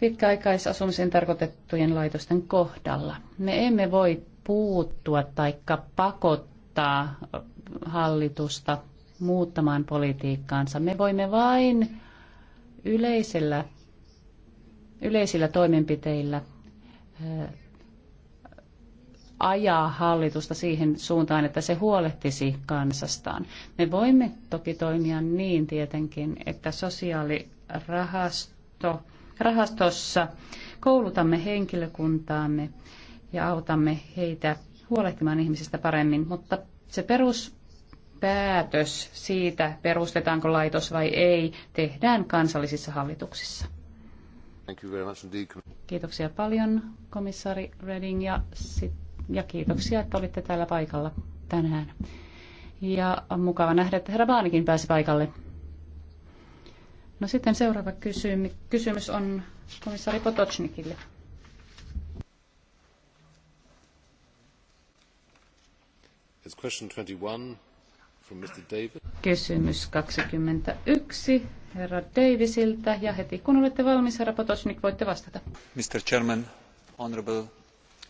pitkäaikaisasumisen tarkoitettujen laitosten kohdalla. Me emme voi puuttua tai pakottaa hallitusta muuttamaan politiikkaansa. Me voimme vain yleisellä, yleisillä toimenpiteillä ajaa hallitusta siihen suuntaan, että se huolehtisi kansastaan. Me voimme toki toimia niin tietenkin, että sosiaalirahasto rahastossa koulutamme henkilökuntaamme ja autamme heitä huolehtimaan ihmisistä paremmin, mutta se peruspäätös siitä, perustetaanko laitos vai ei, tehdään kansallisissa hallituksissa. Kiitoksia paljon, komissaari Reding, ja, sit, ja kiitoksia, että olitte täällä paikalla tänään. Ja on mukava nähdä, että herra Baanikin pääsi paikalle. No sitten seuraava kysymys, kysymys on komissaari Potocnikille. 21 Kysymys 21 herra Davisiltä. Ja heti kun olette valmis, herra Potosnik, voitte vastata. Mr. Chairman, honorable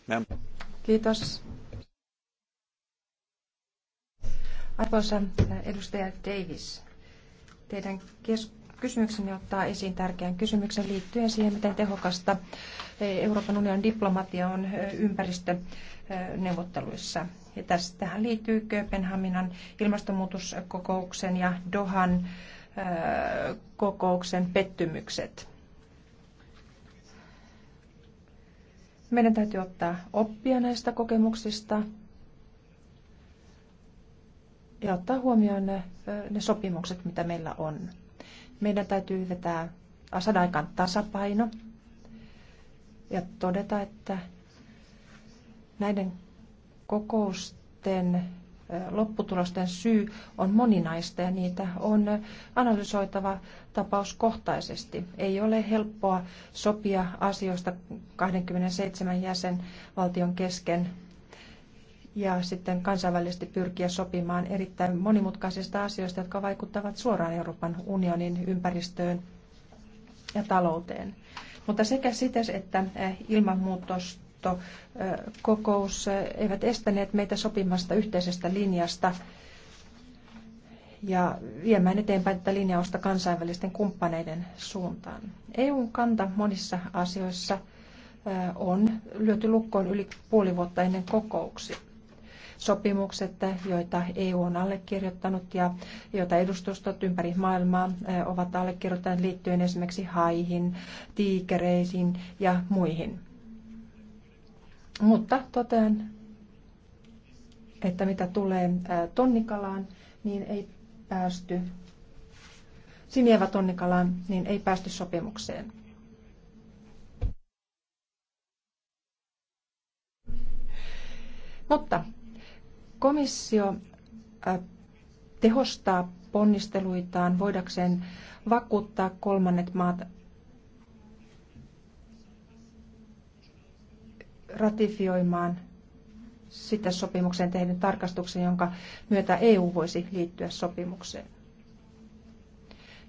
member. Kiitos. Arvoisa edustaja Davis, teidän kysymyksenne ottaa esiin tärkeän kysymyksen liittyen siihen, miten tehokasta e, Euroopan unionin diplomatia on e, ympäristöneuvotteluissa. Ja tähän liittyy Kööpenhaminan ilmastonmuutoskokouksen ja Dohan kokouksen pettymykset. Meidän täytyy ottaa oppia näistä kokemuksista ja ottaa huomioon ne, ne sopimukset, mitä meillä on. Meidän täytyy vetää saada aikaan tasapaino ja todeta, että näiden kokousten lopputulosten syy on moninaista ja niitä on analysoitava tapauskohtaisesti. Ei ole helppoa sopia asioista 27 jäsenvaltion kesken ja sitten kansainvälisesti pyrkiä sopimaan erittäin monimutkaisista asioista, jotka vaikuttavat suoraan Euroopan unionin ympäristöön ja talouteen. Mutta sekä sitten, että ilmanmuutos neuvostokokous eh, eivät estäneet meitä sopimasta yhteisestä linjasta ja viemään eteenpäin tätä linjausta kansainvälisten kumppaneiden suuntaan. EUn kanta monissa asioissa eh, on lyöty lukkoon yli puoli vuotta ennen kokouksia. Sopimukset, eh, joita EU on allekirjoittanut ja joita edustustot ympäri maailmaa ovat allekirjoittaneet liittyen esimerkiksi haihin, tiikereisiin ja muihin – mutta totean, että mitä tulee tonnikalaan, niin ei päästy, sinievä tonnikalaan, niin ei päästy sopimukseen. Mutta komissio tehostaa ponnisteluitaan voidakseen vakuuttaa kolmannet maat ratifioimaan sitä sopimukseen tehdyn tarkastuksen, jonka myötä EU voisi liittyä sopimukseen.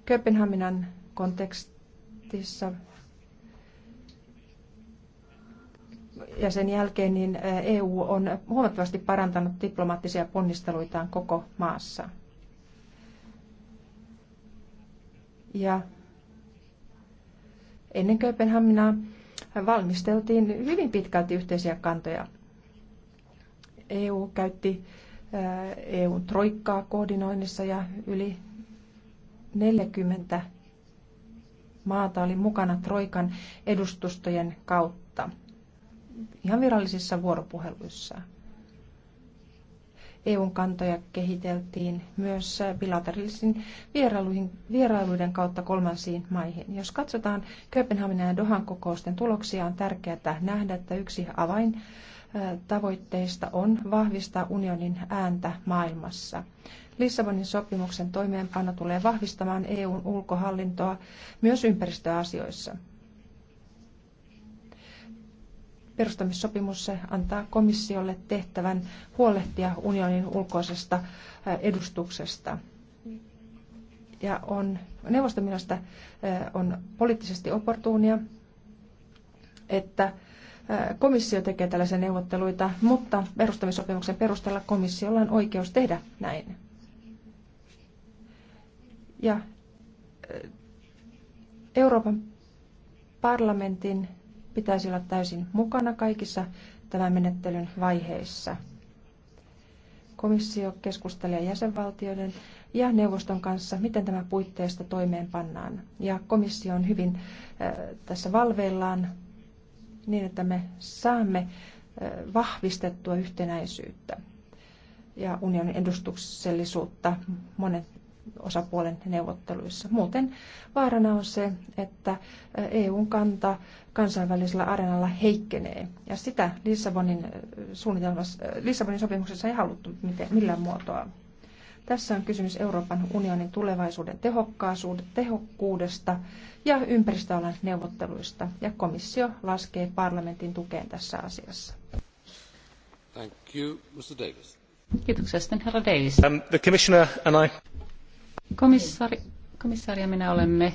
Kööpenhaminan kontekstissa ja sen jälkeen niin EU eh, e on huomattavasti parantanut diplomaattisia ponnisteluitaan koko maassa. Ja ennen Kööpenhaminaa valmisteltiin hyvin pitkälti yhteisiä kantoja. EU käytti EU-troikkaa koordinoinnissa ja yli 40 maata oli mukana Troikan edustustojen kautta ihan virallisissa vuoropuheluissa. EUn kantoja kehiteltiin myös äh, bilateraalisiin vierailuiden kautta kolmansiin maihin. Jos katsotaan Kööpenhaminan ja Dohan kokousten tuloksia, on tärkeää nähdä, että yksi avain äh, tavoitteista on vahvistaa unionin ääntä maailmassa. Lissabonin sopimuksen toimeenpano tulee vahvistamaan EUn ulkohallintoa myös ympäristöasioissa. Perustamissopimus antaa komissiolle tehtävän huolehtia unionin ulkoisesta edustuksesta. Ja on, neuvoston mielestä on poliittisesti opportuunia, että komissio tekee tällaisia neuvotteluita, mutta perustamissopimuksen perusteella komissiolla on oikeus tehdä näin. Ja Euroopan parlamentin pitäisi olla täysin mukana kaikissa tämän menettelyn vaiheissa. Komissio keskustelee jäsenvaltioiden ja neuvoston kanssa, miten tämä puitteista toimeenpannaan. Ja komissio on hyvin äh, tässä valveillaan niin, että me saamme äh, vahvistettua yhtenäisyyttä ja unionin edustuksellisuutta monet osapuolen neuvotteluissa. Muuten vaarana on se, että EUn kanta kansainvälisellä areenalla heikkenee. Ja sitä Lissabonin, suunnitelmassa, Lissabonin sopimuksessa ei haluttu miten, millään muotoa. Tässä on kysymys Euroopan unionin tulevaisuuden tehokkuudesta ja ympäristöalan neuvotteluista, ja komissio laskee parlamentin tukeen tässä asiassa. Thank you, Mr. Davis. Kiitoksia sitten herra Davis. Um, the commissioner and I... Komissaari, komissaari ja minä olemme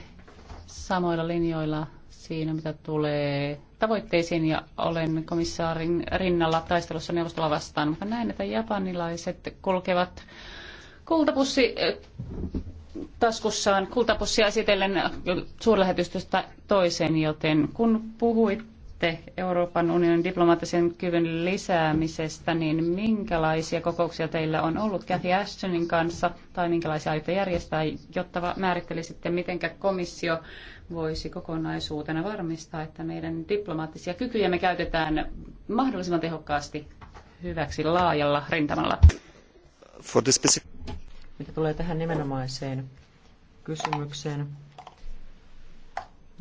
samoilla linjoilla siinä, mitä tulee tavoitteisiin ja olen komissaarin rinnalla taistelussa neuvostolla vastaan, mutta näen, että japanilaiset kulkevat kultapussi taskussaan kultapussia esitellen suurlähetystöstä toiseen, joten kun puhuit puhuitte Euroopan unionin diplomaattisen kyvyn lisäämisestä, niin minkälaisia kokouksia teillä on ollut Cathy Ashtonin kanssa tai minkälaisia aiotte järjestää, jotta määrittelisitte, miten komissio voisi kokonaisuutena varmistaa, että meidän diplomaattisia kykyjä me käytetään mahdollisimman tehokkaasti hyväksi laajalla rintamalla. Mitä tulee tähän nimenomaiseen kysymykseen,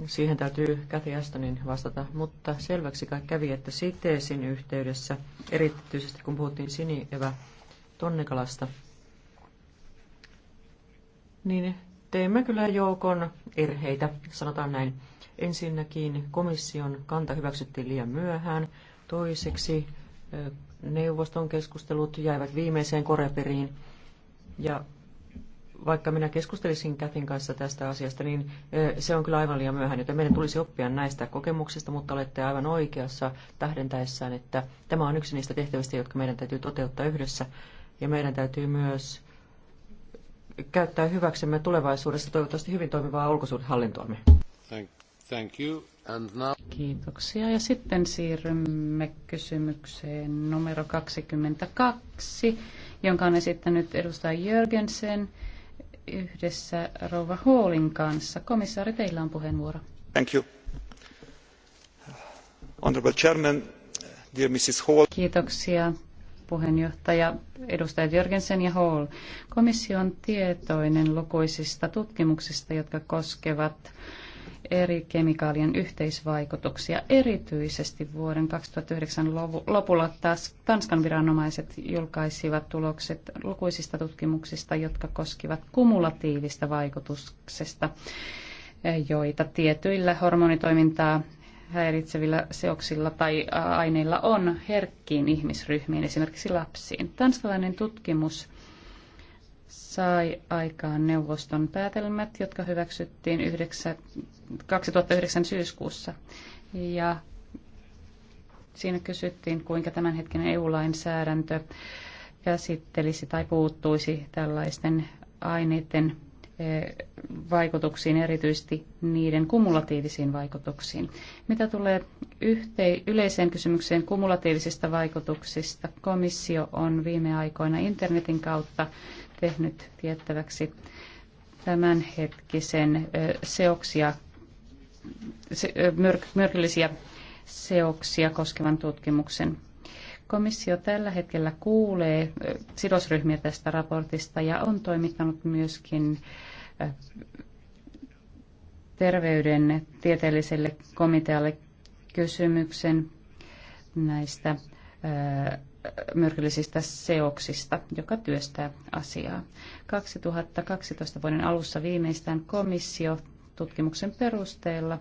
Siihen täytyy Kathy Astonin vastata, mutta selväksi kai kävi, että siteesin yhteydessä, erityisesti kun puhuttiin sinievä tonnekalasta, niin teimme kyllä joukon erheitä, sanotaan näin. Ensinnäkin komission kanta hyväksyttiin liian myöhään. Toiseksi neuvoston keskustelut jäivät viimeiseen koreperiin. Ja vaikka minä keskustelisin Kätin kanssa tästä asiasta, niin se on kyllä aivan liian myöhään, joten meidän tulisi oppia näistä kokemuksista, mutta olette aivan oikeassa tähdentäessään, että tämä on yksi niistä tehtävistä, jotka meidän täytyy toteuttaa yhdessä, ja meidän täytyy myös käyttää hyväksemme tulevaisuudessa toivottavasti hyvin toimivaa ulkosuudenhallintoamme. Thank, you. And now... Kiitoksia. Ja sitten siirrymme kysymykseen numero 22, jonka on esittänyt edustaja Jörgensen yhdessä Rouva Hallin kanssa. Komissaari, teillä on puheenvuoro. Thank you. Honorable Chairman, dear Mrs. Hall. Kiitoksia puheenjohtaja edustaja Jörgensen ja Hall. Komissio on tietoinen lukuisista tutkimuksista, jotka koskevat eri kemikaalien yhteisvaikutuksia. Erityisesti vuoden 2009 lopulla taas Tanskan viranomaiset julkaisivat tulokset lukuisista tutkimuksista, jotka koskivat kumulatiivista vaikutuksesta, eh, joita tietyillä hormonitoimintaa häiritsevillä seoksilla tai aineilla on herkkiin ihmisryhmiin, esimerkiksi lapsiin. Tanskalainen tutkimus sai aikaan neuvoston päätelmät, jotka hyväksyttiin 2009 syyskuussa. Ja siinä kysyttiin, kuinka tämänhetkinen EU-lainsäädäntö käsittelisi tai puuttuisi tällaisten aineiden e, vaikutuksiin, erityisesti niiden kumulatiivisiin vaikutuksiin. Mitä tulee yhtei- yleiseen kysymykseen kumulatiivisista vaikutuksista, komissio on viime aikoina internetin kautta tehnyt tiettäväksi tämänhetkisen seoksia, se, myrkyllisiä seoksia koskevan tutkimuksen. Komissio tällä hetkellä kuulee sidosryhmiä tästä raportista ja on toimittanut myöskin terveyden tieteelliselle komitealle kysymyksen näistä myrkyllisistä seoksista, joka työstää asiaa. 2012 vuoden alussa viimeistään komissio tutkimuksen perusteella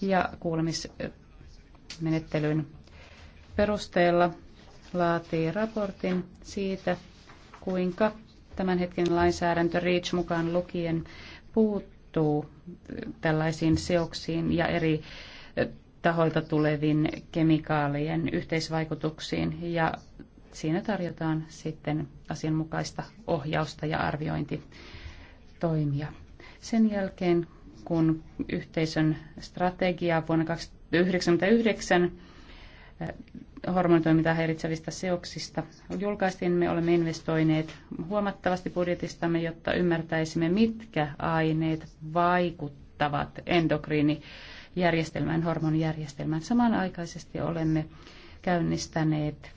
ja kuulemismenettelyn perusteella laatii raportin siitä, kuinka tämän hetken lainsäädäntö REACH mukaan lukien puuttuu tällaisiin seoksiin ja eri tahoilta tulevin kemikaalien yhteisvaikutuksiin ja siinä tarjotaan sitten asianmukaista ohjausta ja arviointitoimia. Sen jälkeen, kun yhteisön strategia vuonna 1999 eh, hormonitoimintaa häiritsevistä seoksista julkaistiin, me olemme investoineet huomattavasti budjetistamme, jotta ymmärtäisimme, mitkä aineet vaikuttavat endokriini järjestelmään, hormonijärjestelmään. Samanaikaisesti olemme käynnistäneet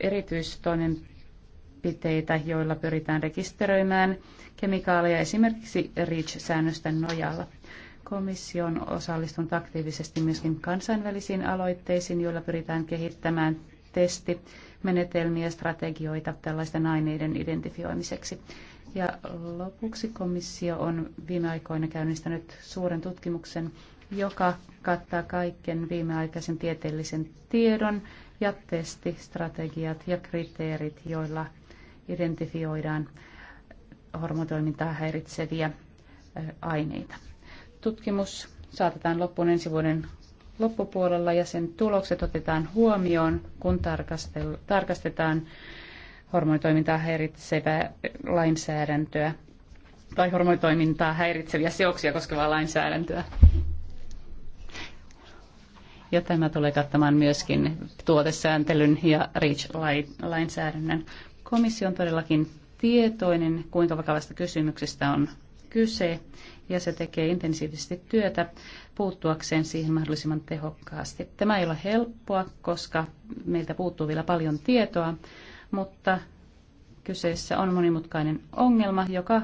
erityistoimenpiteitä, joilla pyritään rekisteröimään kemikaaleja esimerkiksi REACH-säännösten nojalla. Komissio on osallistunut aktiivisesti myöskin kansainvälisiin aloitteisiin, joilla pyritään kehittämään testimenetelmiä ja strategioita tällaisten aineiden identifioimiseksi. Ja lopuksi komissio on viime aikoina käynnistänyt suuren tutkimuksen joka kattaa kaiken viimeaikaisen tieteellisen tiedon ja testistrategiat ja kriteerit, joilla identifioidaan hormotoimintaa häiritseviä aineita. Tutkimus saatetaan loppuun ensi vuoden loppupuolella ja sen tulokset otetaan huomioon, kun tarkastetaan hormonitoimintaa häiritsevää lainsäädäntöä tai hormonitoimintaa häiritseviä seoksia koskevaa lainsäädäntöä ja tämä tulee kattamaan myöskin tuotesääntelyn ja REACH-lainsäädännön. Komissio on todellakin tietoinen, kuinka vakavasta kysymyksestä on kyse, ja se tekee intensiivisesti työtä puuttuakseen siihen mahdollisimman tehokkaasti. Tämä ei ole helppoa, koska meiltä puuttuu vielä paljon tietoa, mutta kyseessä on monimutkainen ongelma, joka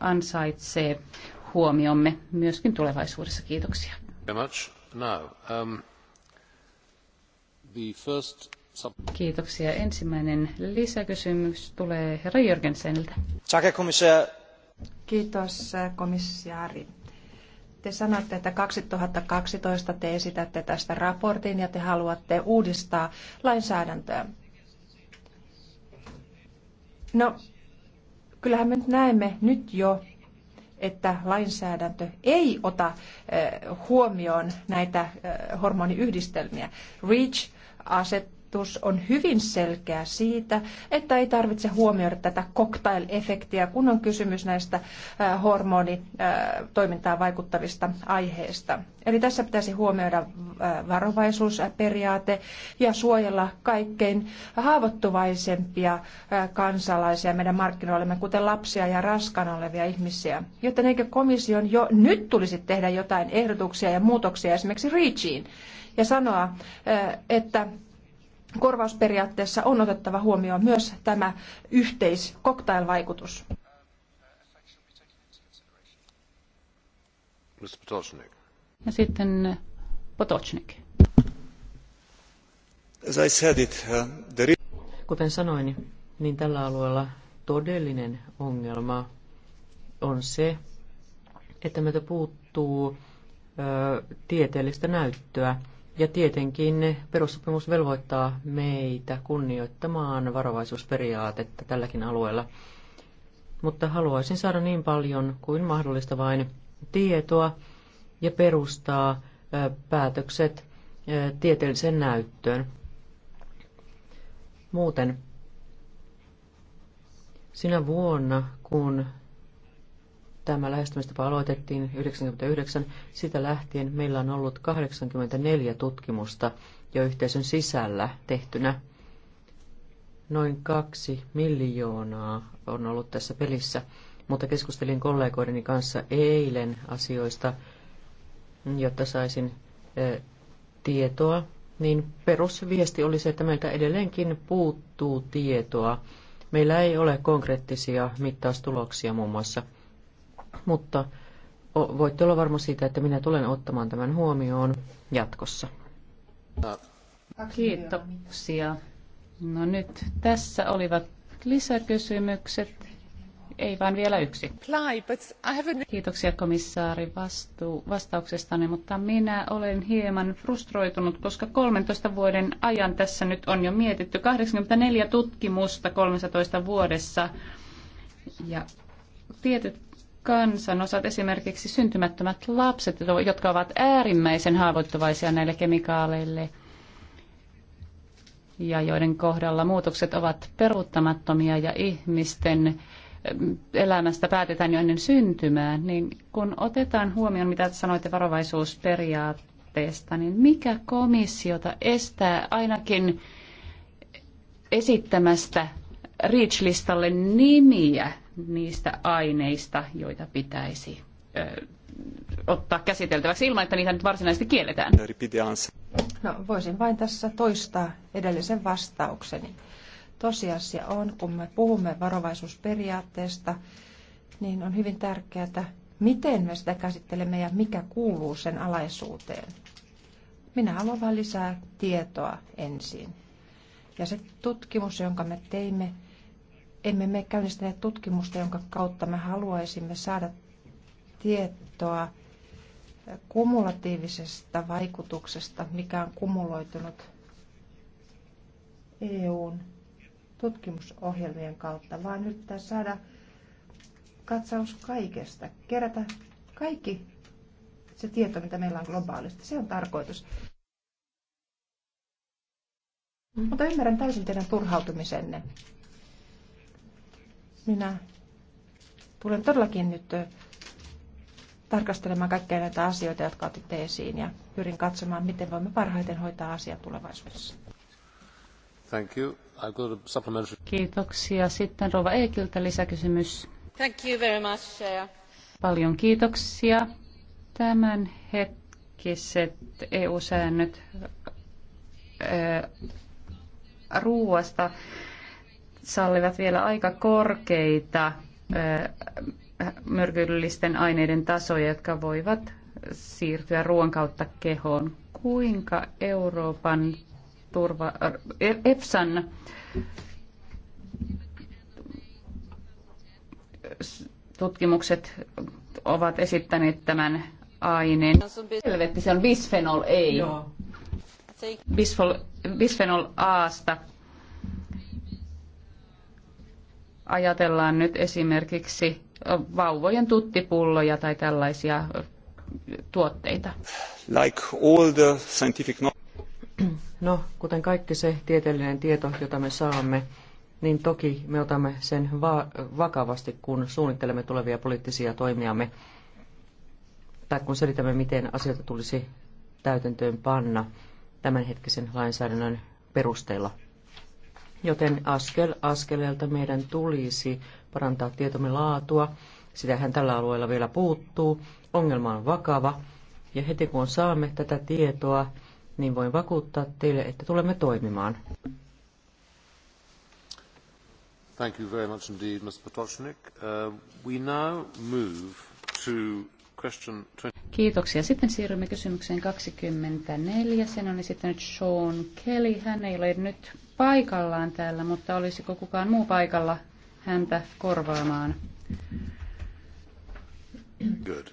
ansaitsee huomiomme myöskin tulevaisuudessa. Kiitoksia. Much. Um, Kiitoksia. Ensimmäinen lisäkysymys tulee herra Jörgenseniltä. Kiitos eh, komissiari. Te sanotte, että 2012 te esitätte tästä raportin ja te haluatte uudistaa lainsäädäntöä. No, kyllähän me nyt näemme nyt jo, että lainsäädäntö ei ota huomioon näitä hormoniyhdistelmiä. REACH asettaa asetus on hyvin selkeä siitä, että ei tarvitse huomioida tätä cocktail-efektiä, kun on kysymys näistä hormonitoimintaan vaikuttavista aiheista. Eli tässä pitäisi huomioida varovaisuusperiaate ja suojella kaikkein haavoittuvaisempia kansalaisia meidän markkinoillemme, kuten lapsia ja raskaana olevia ihmisiä. Joten eikö komission jo nyt tulisi tehdä jotain ehdotuksia ja muutoksia esimerkiksi REACHiin ja sanoa, että korvausperiaatteessa on otettava huomioon myös tämä yhteiskoktailvaikutus. Ja sitten eh, Potocnik. Uh, Kuten sanoin, niin tällä alueella todellinen ongelma on se, että meiltä puuttuu ö, tieteellistä näyttöä ja tietenkin perussopimus velvoittaa meitä kunnioittamaan varovaisuusperiaatetta tälläkin alueella. Mutta haluaisin saada niin paljon kuin mahdollista vain tietoa ja perustaa päätökset tieteelliseen näyttöön. Muuten sinä vuonna, kun Tämä lähestymistapa aloitettiin 1999. Sitä lähtien meillä on ollut 84 tutkimusta jo yhteisön sisällä tehtynä. Noin kaksi miljoonaa on ollut tässä pelissä, mutta keskustelin kollegoideni kanssa eilen asioista, jotta saisin tietoa. Niin perusviesti oli se, että meiltä edelleenkin puuttuu tietoa. Meillä ei ole konkreettisia mittaustuloksia muun muassa – mutta voitte olla varma siitä, että minä tulen ottamaan tämän huomioon jatkossa. Kiitoksia. No nyt tässä olivat lisäkysymykset. Ei vaan vielä yksi. Kiitoksia komissaari vastuu, vastauksestanne, mutta minä olen hieman frustroitunut, koska 13 vuoden ajan tässä nyt on jo mietitty 84 tutkimusta 13 vuodessa. Ja tietyt kansanosat, esimerkiksi syntymättömät lapset, jotka ovat äärimmäisen haavoittuvaisia näille kemikaaleille ja joiden kohdalla muutokset ovat peruuttamattomia ja ihmisten eh, elämästä päätetään jo ennen syntymää, niin kun otetaan huomioon, mitä sanoitte varovaisuusperiaatteesta, niin mikä komissiota estää ainakin esittämästä REACH-listalle nimiä niistä aineista, joita pitäisi ö, ottaa käsiteltäväksi ilman, että niitä nyt varsinaisesti kielletään? No, voisin vain tässä toistaa edellisen vastaukseni. Tosiasia on, kun me puhumme varovaisuusperiaatteesta, niin on hyvin tärkeää, miten me sitä käsittelemme ja mikä kuuluu sen alaisuuteen. Minä haluan vain lisää tietoa ensin. Ja se tutkimus, jonka me teimme, emme me käynnistäneet tutkimusta, jonka kautta me haluaisimme saada tietoa kumulatiivisesta vaikutuksesta, mikä on kumuloitunut EUn tutkimusohjelmien kautta, vaan nyt pitää saada katsaus kaikesta, kerätä kaikki se tieto, mitä meillä on globaalisti. Se on tarkoitus. Mutta ymmärrän täysin teidän turhautumisenne. Minä tulen todellakin nyt tarkastelemaan kaikkia näitä asioita, jotka otitte esiin ja pyrin katsomaan, miten voimme parhaiten hoitaa asiaa tulevaisuudessa. Thank you. I've got a supplementary... Kiitoksia. Sitten Rova Eekiltä lisäkysymys. Thank you very much. Paljon kiitoksia. Tämän hetkiset EU-säännöt ruuasta sallivat vielä aika korkeita myrkyllisten aineiden tasoja, jotka voivat siirtyä ruoan kautta kehoon. Kuinka Euroopan turva, e-, EFSAn tutkimukset ovat esittäneet tämän aineen. Helvetti, se on bisphenol ei. Bisphenol Aasta Ajatellaan nyt esimerkiksi vauvojen tuttipulloja tai tällaisia tuotteita. Like all the scientific... No, kuten kaikki se tieteellinen tieto, jota me saamme, niin toki me otamme sen va- vakavasti, kun suunnittelemme tulevia poliittisia toimiamme tai kun selitämme, miten asioita tulisi täytäntöön panna tämänhetkisen lainsäädännön perusteella. Joten askel askeleelta meidän tulisi parantaa tietomme laatua. Sitähän tällä alueella vielä puuttuu. Ongelma on vakava. Ja heti kun saamme tätä tietoa, niin voin vakuuttaa teille, että tulemme toimimaan. Thank you very much indeed, Mr. Potocznik. Uh, we now move to question 20. Kiitoksia. Sitten siirrymme kysymykseen 24. Sen on esittänyt Sean Kelly. Hän ei ole nyt paikallaan täällä, mutta olisiko kukaan muu paikalla häntä korvaamaan? Good.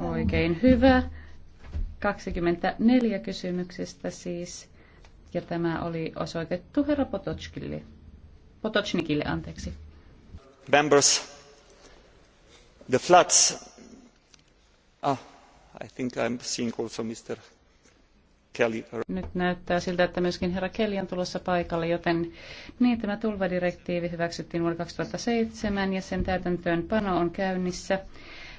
Oikein hyvä. 24 kysymyksestä siis. Ja tämä oli osoitettu herra Potocnikille. Potocnikille, anteeksi. Members, the floods. Ah, I think I'm seeing also Mr. Nyt näyttää siltä, että myöskin herra Kelly on tulossa paikalle, joten niin tämä tulvadirektiivi hyväksyttiin vuonna 2007 ja sen täytäntöönpano on käynnissä.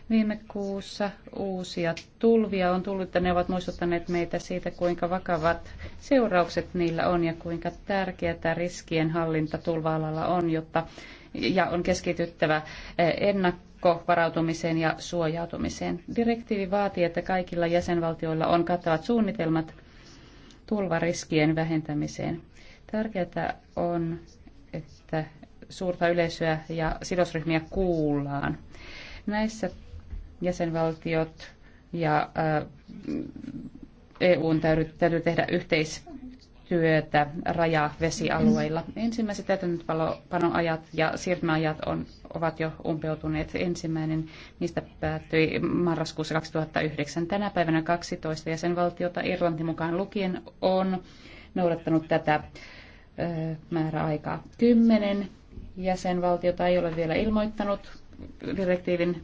Viime kuussa uusia tulvia on tullut ja ne ovat muistuttaneet meitä siitä, kuinka vakavat seuraukset niillä on ja kuinka tärkeää tämä riskien hallinta tulva-alalla on, jotta ja on keskityttävä eh, ennakkovarautumiseen ja suojautumiseen. Direktiivi vaatii, että kaikilla jäsenvaltioilla on kattavat suunnitelmat tulvariskien vähentämiseen. Tärkeää on, että suurta yleisöä ja sidosryhmiä kuullaan. Näissä jäsenvaltiot ja äh, EUn täytyy tehdä yhteistyötä raja-vesialueilla. Ensimmäiset täytäntöönpanoajat ja siirtymäajat on ovat jo umpeutuneet. Ensimmäinen niistä päättyi marraskuussa 2009. Tänä päivänä 12 jäsenvaltiota Irlanti mukaan lukien on noudattanut tätä määräaikaa. Kymmenen jäsenvaltiota ei ole vielä ilmoittanut direktiivin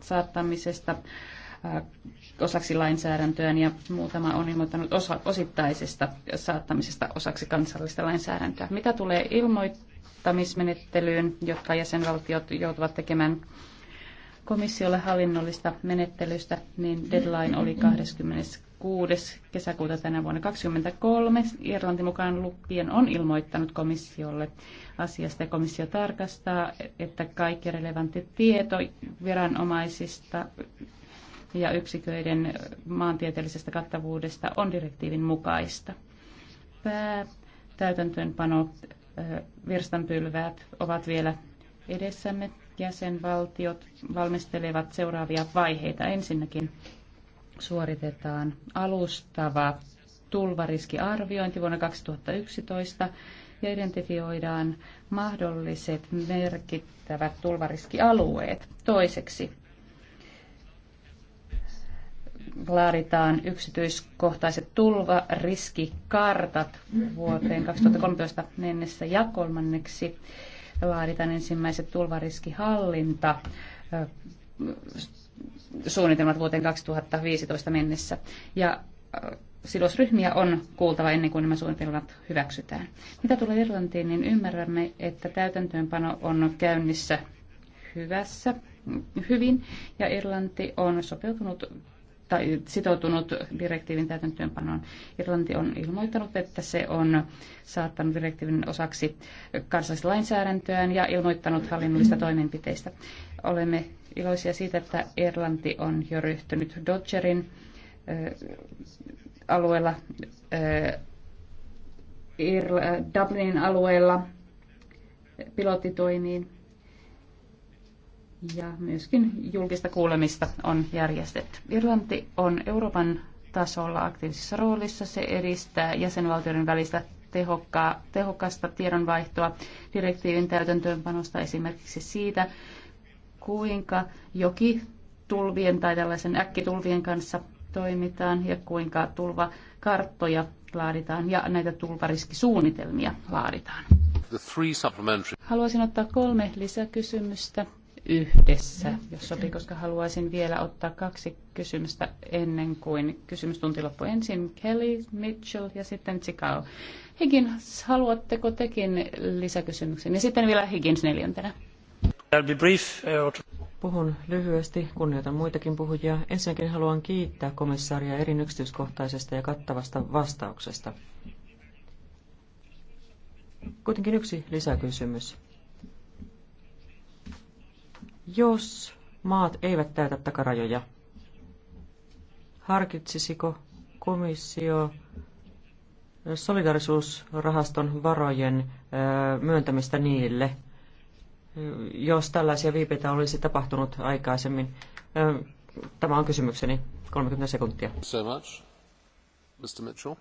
saattamisesta osaksi lainsäädäntöön ja muutama on ilmoittanut osa, osittaisesta saattamisesta osaksi kansallista lainsäädäntöä. Mitä tulee ilmoittaa? ilmoittamismenettelyyn, jotka jäsenvaltiot joutuvat tekemään komissiolle hallinnollista menettelystä, niin deadline oli 26. kesäkuuta tänä vuonna 2023. Irlanti mukaan lukien on ilmoittanut komissiolle asiasta ja komissio tarkastaa, että kaikki relevantti tieto viranomaisista ja yksiköiden maantieteellisestä kattavuudesta on direktiivin mukaista. Pää täytäntöönpano virstanpylväät ovat vielä edessämme. Jäsenvaltiot valmistelevat seuraavia vaiheita. Ensinnäkin suoritetaan alustava tulvariskiarviointi vuonna 2011 ja identifioidaan mahdolliset merkittävät tulvariskialueet. Toiseksi laaditaan yksityiskohtaiset tulvariskikartat vuoteen 2013 mennessä ja kolmanneksi laaditaan ensimmäiset tulvariskihallinta suunnitelmat vuoteen 2015 mennessä. Ja sidosryhmiä on kuultava ennen kuin nämä suunnitelmat hyväksytään. Mitä tulee Irlantiin, niin ymmärrämme, että täytäntöönpano on käynnissä hyvässä, hyvin, ja Irlanti on sopeutunut tai sitoutunut direktiivin täytäntöönpanoon. Irlanti on ilmoittanut, että se on saattanut direktiivin osaksi kansallista lainsäädäntöään ja ilmoittanut hallinnollista toimenpiteistä. Olemme iloisia siitä, että Irlanti on jo ryhtynyt Dodgerin alueella, Dublinin alueella pilottitoimiin ja myöskin julkista kuulemista on järjestetty. Irlanti on Euroopan tasolla aktiivisessa roolissa. Se edistää jäsenvaltioiden välistä tehokkaa, tehokasta tiedonvaihtoa direktiivin täytäntöönpanosta esimerkiksi siitä, kuinka joki tulvien tai tällaisen äkkitulvien kanssa toimitaan ja kuinka tulvakarttoja laaditaan ja näitä tulvariskisuunnitelmia laaditaan. Haluaisin ottaa kolme lisäkysymystä yhdessä, jos sopii, koska haluaisin vielä ottaa kaksi kysymystä ennen kuin kysymystunti loppui. Ensin Kelly, Mitchell ja sitten Chicago. Higgins, haluatteko tekin lisäkysymyksen? Ja sitten vielä Higgins neljäntenä. Eh, Puhun lyhyesti, kunnioitan muitakin puhujia. Ensinnäkin haluan kiittää komissaaria erin yksityiskohtaisesta ja kattavasta vastauksesta. Kuitenkin yksi lisäkysymys. Jos maat eivät täytä takarajoja, harkitsisiko komissio solidarisuusrahaston varojen myöntämistä niille, jos tällaisia viipeitä olisi tapahtunut aikaisemmin? Tämä on kysymykseni. 30 sekuntia. So much. Mr. Mitchell.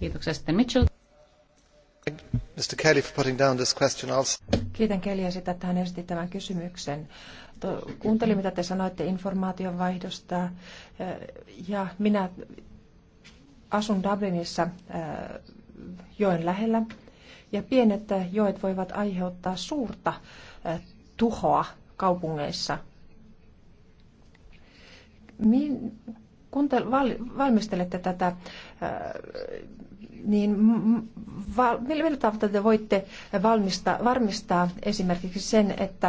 Kiitoksia sitten Mitchell. Kiitän Kellyä sitä, että hän esitti tämän kysymyksen. Kuuntelin, mitä te sanoitte informaation vaihdosta eh, ja minä asun Dublinissa eh, joen lähellä ja pienet eh, joet voivat aiheuttaa suurta tuhoa kaupungeissa. kun te valmistelette tätä niin val, millä tavalla te voitte valmista, varmistaa esimerkiksi sen, että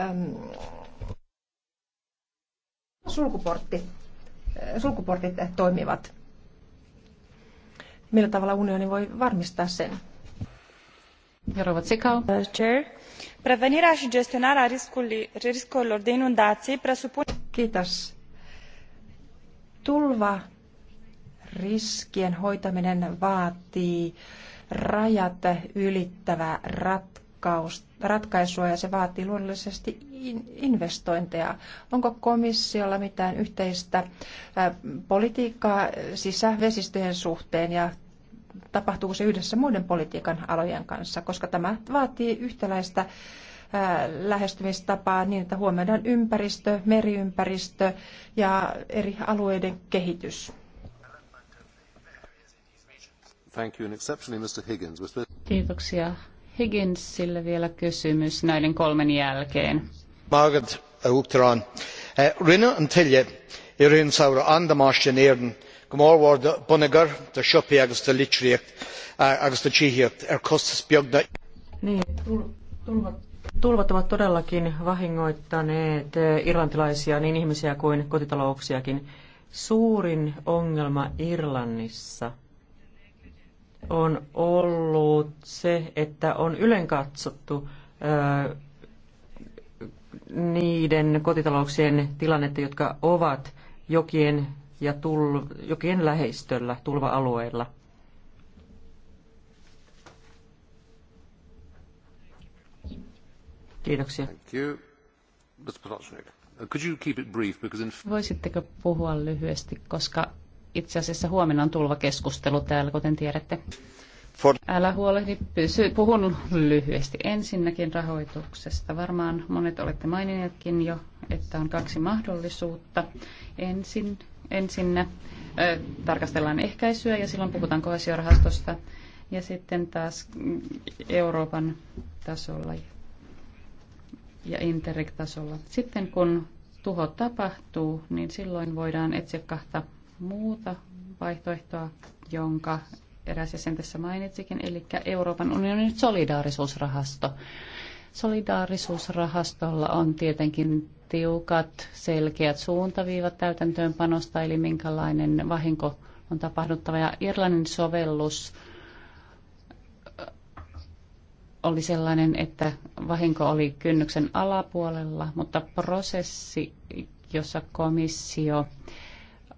äm, sulkuportti, äh, sulkuportit toimivat? Millä tavalla unioni voi varmistaa sen? Kiitos. tulva riskien hoitaminen vaatii rajat ylittävää ratkaisua ja se vaatii luonnollisesti investointeja. Onko komissiolla mitään yhteistä politiikkaa sisävesistöjen suhteen ja tapahtuuko se yhdessä muiden politiikan alojen kanssa, koska tämä vaatii yhtäläistä lähestymistapaa niin, että huomioidaan ympäristö, meriympäristö ja eri alueiden kehitys. Thank you. And exceptionally, Mr. Higgins. Was... Kiitoksia. Higginsille vielä kysymys näiden kolmen jälkeen. Margaret äh, Uukteraan. Äh, Rinna on tilje, Irin Saura Andamarstin Eerden, Gomorward Bunnegar, the Shopi Agasta Litriact, äh, Agasta Chihiact, er Costas Bjogna. Niin, tulvat, tulvat ovat todellakin vahingoittaneet irlantilaisia, niin ihmisiä kuin kotitalouksiakin. Suurin ongelma Irlannissa – on ollut se, että on ylen katsottu niiden kotitalouksien tilannetta, jotka ovat jokien ja tul, jokien lähistöllä, tulva-alueilla. Kiitoksia. Voisitteko puhua lyhyesti, koska itse asiassa huomenna on tulvakeskustelu täällä, kuten tiedätte. For... Älä huolehdi, pysy, puhun lyhyesti. Ensinnäkin rahoituksesta. Varmaan monet olette maininneetkin jo, että on kaksi mahdollisuutta. Ensin, ensin äh, tarkastellaan ehkäisyä ja silloin puhutaan kohesiorahastosta. Ja sitten taas Euroopan tasolla ja Interreg-tasolla. Sitten kun tuho tapahtuu, niin silloin voidaan etsiä kahta muuta vaihtoehtoa, jonka eräs jäsen tässä mainitsikin, eli Euroopan unionin solidaarisuusrahasto. Solidaarisuusrahastolla on tietenkin tiukat, selkeät suuntaviivat täytäntöönpanosta, eli minkälainen vahinko on tapahduttava. Ja Irlannin sovellus äh, oli sellainen, että vahinko oli kynnyksen alapuolella, mutta prosessi, jossa komissio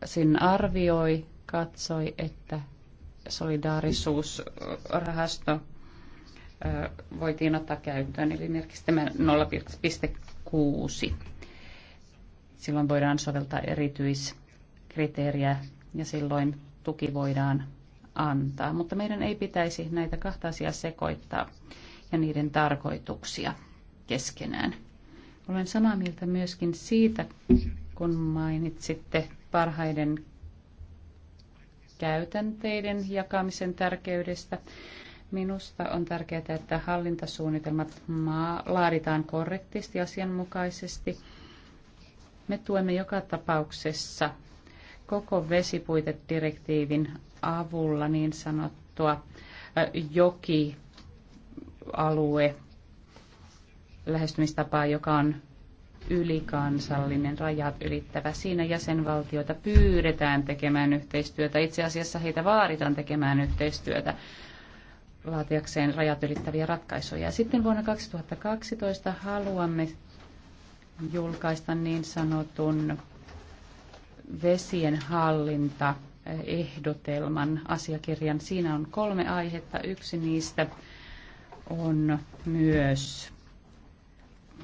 sen arvioi, katsoi, että solidaarisuusrahasto voitiin ottaa käyttöön, eli tämä 0,6. Silloin voidaan soveltaa erityiskriteeriä ja silloin tuki voidaan antaa. Mutta meidän ei pitäisi näitä kahta asiaa sekoittaa ja niiden tarkoituksia keskenään. Olen samaa mieltä myöskin siitä, kun mainitsitte parhaiden käytänteiden jakamisen tärkeydestä. Minusta on tärkeää, että hallintasuunnitelmat maa laaditaan korrektisti asianmukaisesti. Me tuemme joka tapauksessa koko vesipuitedirektiivin avulla niin sanottua jokialue lähestymistapaa, joka on ylikansallinen, rajat ylittävä. Siinä jäsenvaltioita pyydetään tekemään yhteistyötä. Itse asiassa heitä vaaditaan tekemään yhteistyötä laatiakseen rajat ylittäviä ratkaisuja. Sitten vuonna 2012 haluamme julkaista niin sanotun vesien hallinta eh, ehdotelman asiakirjan. Siinä on kolme aihetta. Yksi niistä on myös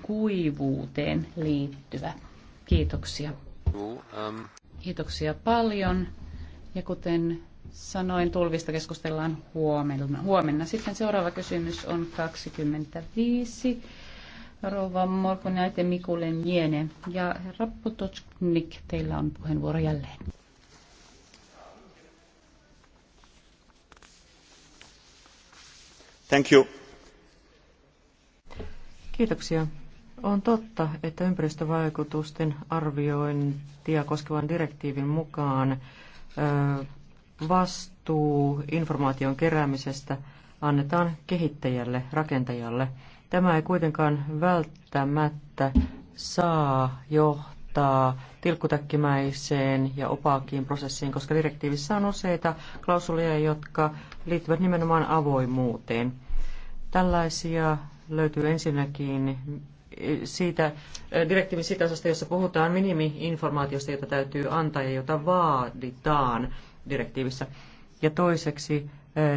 kuivuuteen liittyvä. Kiitoksia. Kiitoksia paljon. Ja kuten sanoin, tulvista keskustellaan huomenna. huomenna. Sitten seuraava kysymys on 25. Rouva Morkunaite Mikulen Jene. Ja herra Potocznik, teillä on puheenvuoro jälleen. Thank you. Kiitoksia on totta, että ympäristövaikutusten arviointia koskevan direktiivin mukaan vastuu informaation keräämisestä annetaan kehittäjälle, rakentajalle. Tämä ei kuitenkaan välttämättä saa johtaa tilkkutäkkimäiseen ja opaakiin prosessiin, koska direktiivissä on useita klausuleja, jotka liittyvät nimenomaan avoimuuteen. Tällaisia löytyy ensinnäkin siitä, direktiivin siitä osasta, jossa puhutaan minimiinformaatiosta, jota täytyy antaa ja jota vaaditaan direktiivissä. Ja toiseksi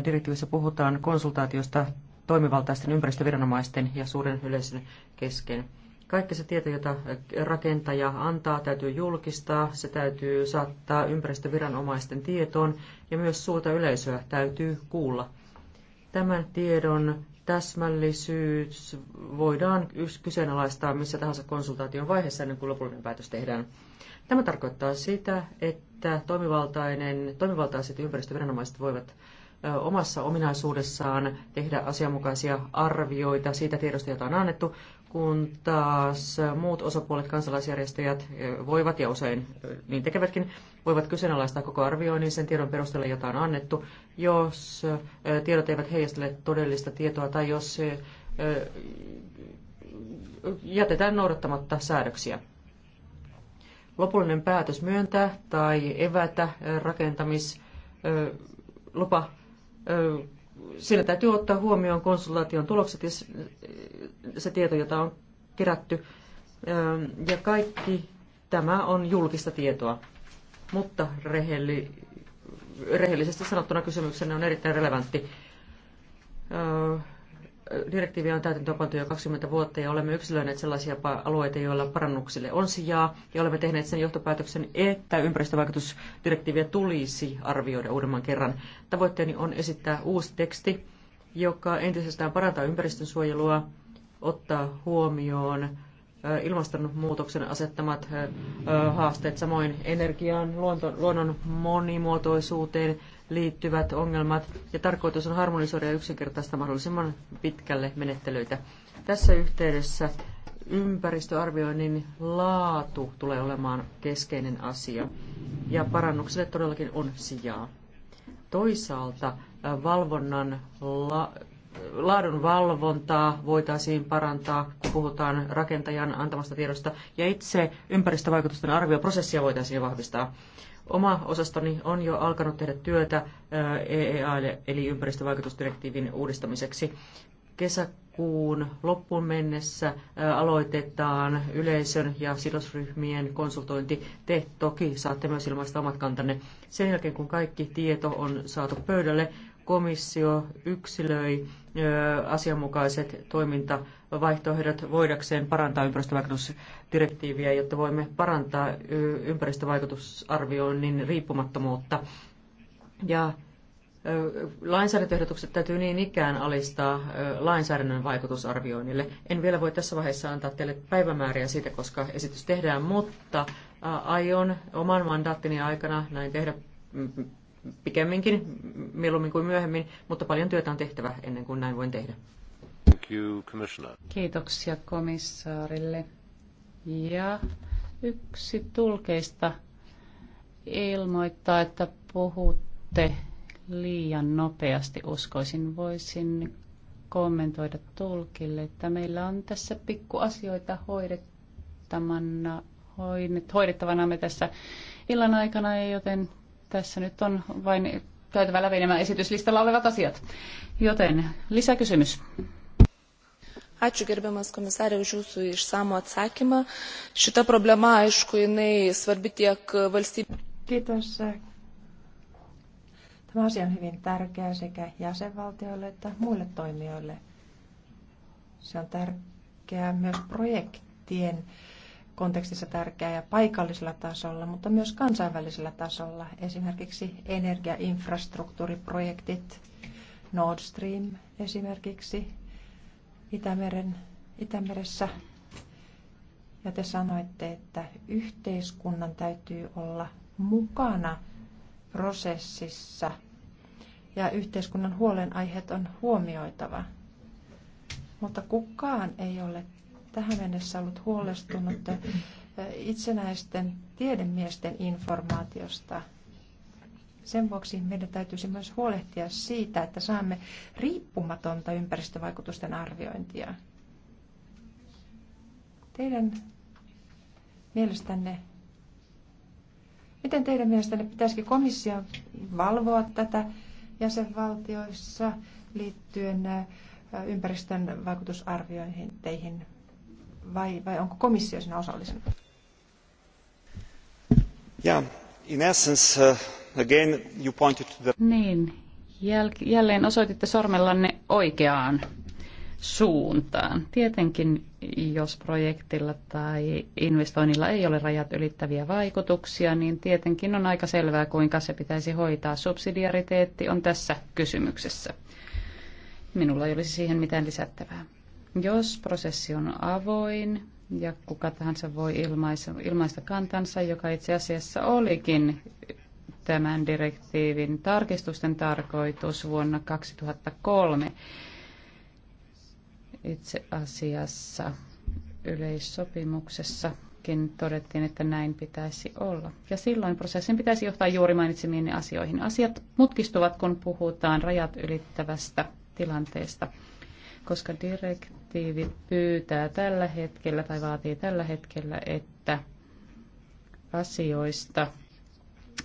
direktiivissä puhutaan konsultaatiosta toimivaltaisten ympäristöviranomaisten ja suuren yleisön kesken. Kaikki se tieto, jota rakentaja antaa, täytyy julkistaa, se täytyy saattaa ympäristöviranomaisten tietoon ja myös suurta yleisöä täytyy kuulla. Tämän tiedon täsmällisyys voidaan kyseenalaistaa missä tahansa konsultaation vaiheessa ennen kuin lopullinen päätös tehdään. Tämä tarkoittaa sitä, että toimivaltainen, toimivaltaiset ympäristöviranomaiset voivat omassa ominaisuudessaan tehdä asianmukaisia arvioita siitä tiedosta, jota on annettu, kun taas muut osapuolet, kansalaisjärjestäjät voivat ja usein niin tekevätkin, voivat kyseenalaistaa koko arvioinnin sen tiedon perusteella, jota on annettu, jos tiedot eivät heijastele todellista tietoa tai jos jätetään noudattamatta säädöksiä. Lopullinen päätös myöntää tai evätä rakentamislupa siinä täytyy ottaa huomioon konsultaation tulokset ja äh, se tieto, jota on kerätty. Ähm, ja kaikki tämä on julkista tietoa, mutta rehelli, rehellisesti sanottuna kysymyksenne on erittäin relevantti. Äh, direktiiviä on täytäntöönpantu jo 20 vuotta ja olemme yksilöineet sellaisia alueita, joilla parannuksille on sijaa ja olemme tehneet sen johtopäätöksen, että ympäristövaikutusdirektiiviä tulisi arvioida uudemman kerran. Tavoitteeni on esittää uusi teksti, joka entisestään parantaa ympäristönsuojelua, ottaa huomioon ilmastonmuutoksen asettamat haasteet, samoin energiaan, luonnon monimuotoisuuteen, liittyvät ongelmat, ja tarkoitus on harmonisoida ja yksinkertaista mahdollisimman pitkälle menettelyitä. Tässä yhteydessä ympäristöarvioinnin laatu tulee olemaan keskeinen asia, ja parannukselle todellakin on sijaa. Toisaalta valvonnan la- laadun valvontaa voitaisiin parantaa, kun puhutaan rakentajan antamasta tiedosta, ja itse ympäristövaikutusten arvioprosessia voitaisiin vahvistaa. Oma osastoni on jo alkanut tehdä työtä EEA eli ympäristövaikutusdirektiivin uudistamiseksi. Kesäkuun loppuun mennessä aloitetaan yleisön ja sidosryhmien konsultointi. Te toki saatte myös ilmaista omat kantanne. Sen jälkeen kun kaikki tieto on saatu pöydälle, komissio yksilöi asianmukaiset toimintavaihtoehdot voidakseen parantaa ympäristövaikutusdirektiiviä, jotta voimme parantaa ympäristövaikutusarvioinnin riippumattomuutta. Ja lainsäädäntöehdotukset täytyy niin ikään alistaa lainsäädännön vaikutusarvioinnille. En vielä voi tässä vaiheessa antaa teille päivämääriä siitä, koska esitys tehdään, mutta aion oman mandaattini aikana näin tehdä pikemminkin, mieluummin kuin myöhemmin, mutta paljon työtä on tehtävä ennen kuin näin voin tehdä. Kiitoksia komissaarille. Ja yksi tulkeista ilmoittaa, että puhutte liian nopeasti. Uskoisin, voisin kommentoida tulkille, että meillä on tässä asioita hoidettavana, hoidettavana me tässä illan aikana, joten tässä nyt on vain käytävä läpi nämä esityslistalla olevat asiat. Joten lisäkysymys. Ačiū gerbiamas komisarė už jūsų išsamų atsakymą. Šita problema, aišku, jinai svarbi tiek valstybė. Kiitos. Tämä asia on hyvin tärkeä sekä jäsenvaltioille että muille toimijoille. Se on tärkeää myös projektien kontekstissa tärkeää ja paikallisella tasolla, mutta myös kansainvälisellä tasolla. Esimerkiksi energiainfrastruktuuriprojektit, Nord Stream esimerkiksi Itämeren, Itämeressä. Ja te sanoitte, että yhteiskunnan täytyy olla mukana prosessissa ja yhteiskunnan huolenaiheet on huomioitava. Mutta kukaan ei ole tähän mennessä ollut huolestunut itsenäisten tiedemiesten informaatiosta. Sen vuoksi meidän täytyisi myös huolehtia siitä, että saamme riippumatonta ympäristövaikutusten arviointia. Teidän mielestänne, miten teidän mielestänne pitäisi komissio valvoa tätä jäsenvaltioissa liittyen ympäristön vaikutusarviointeihin vai, vai onko komissio siinä osallisena? Yeah, in essence, uh, again you pointed to the... Niin, jäl- jälleen osoititte sormellanne oikeaan suuntaan. Tietenkin, jos projektilla tai investoinnilla ei ole rajat ylittäviä vaikutuksia, niin tietenkin on aika selvää, kuinka se pitäisi hoitaa. Subsidiariteetti on tässä kysymyksessä. Minulla ei olisi siihen mitään lisättävää. Jos prosessi on avoin ja kuka tahansa voi ilmaista, ilmaista kantansa, joka itse asiassa olikin tämän direktiivin tarkistusten tarkoitus vuonna 2003, itse asiassa yleissopimuksessakin todettiin, että näin pitäisi olla. Ja silloin prosessin pitäisi johtaa juuri mainitsemiin asioihin. Asiat mutkistuvat, kun puhutaan rajat ylittävästä tilanteesta koska direktiivi pyytää tällä hetkellä tai vaatii tällä hetkellä, että asioista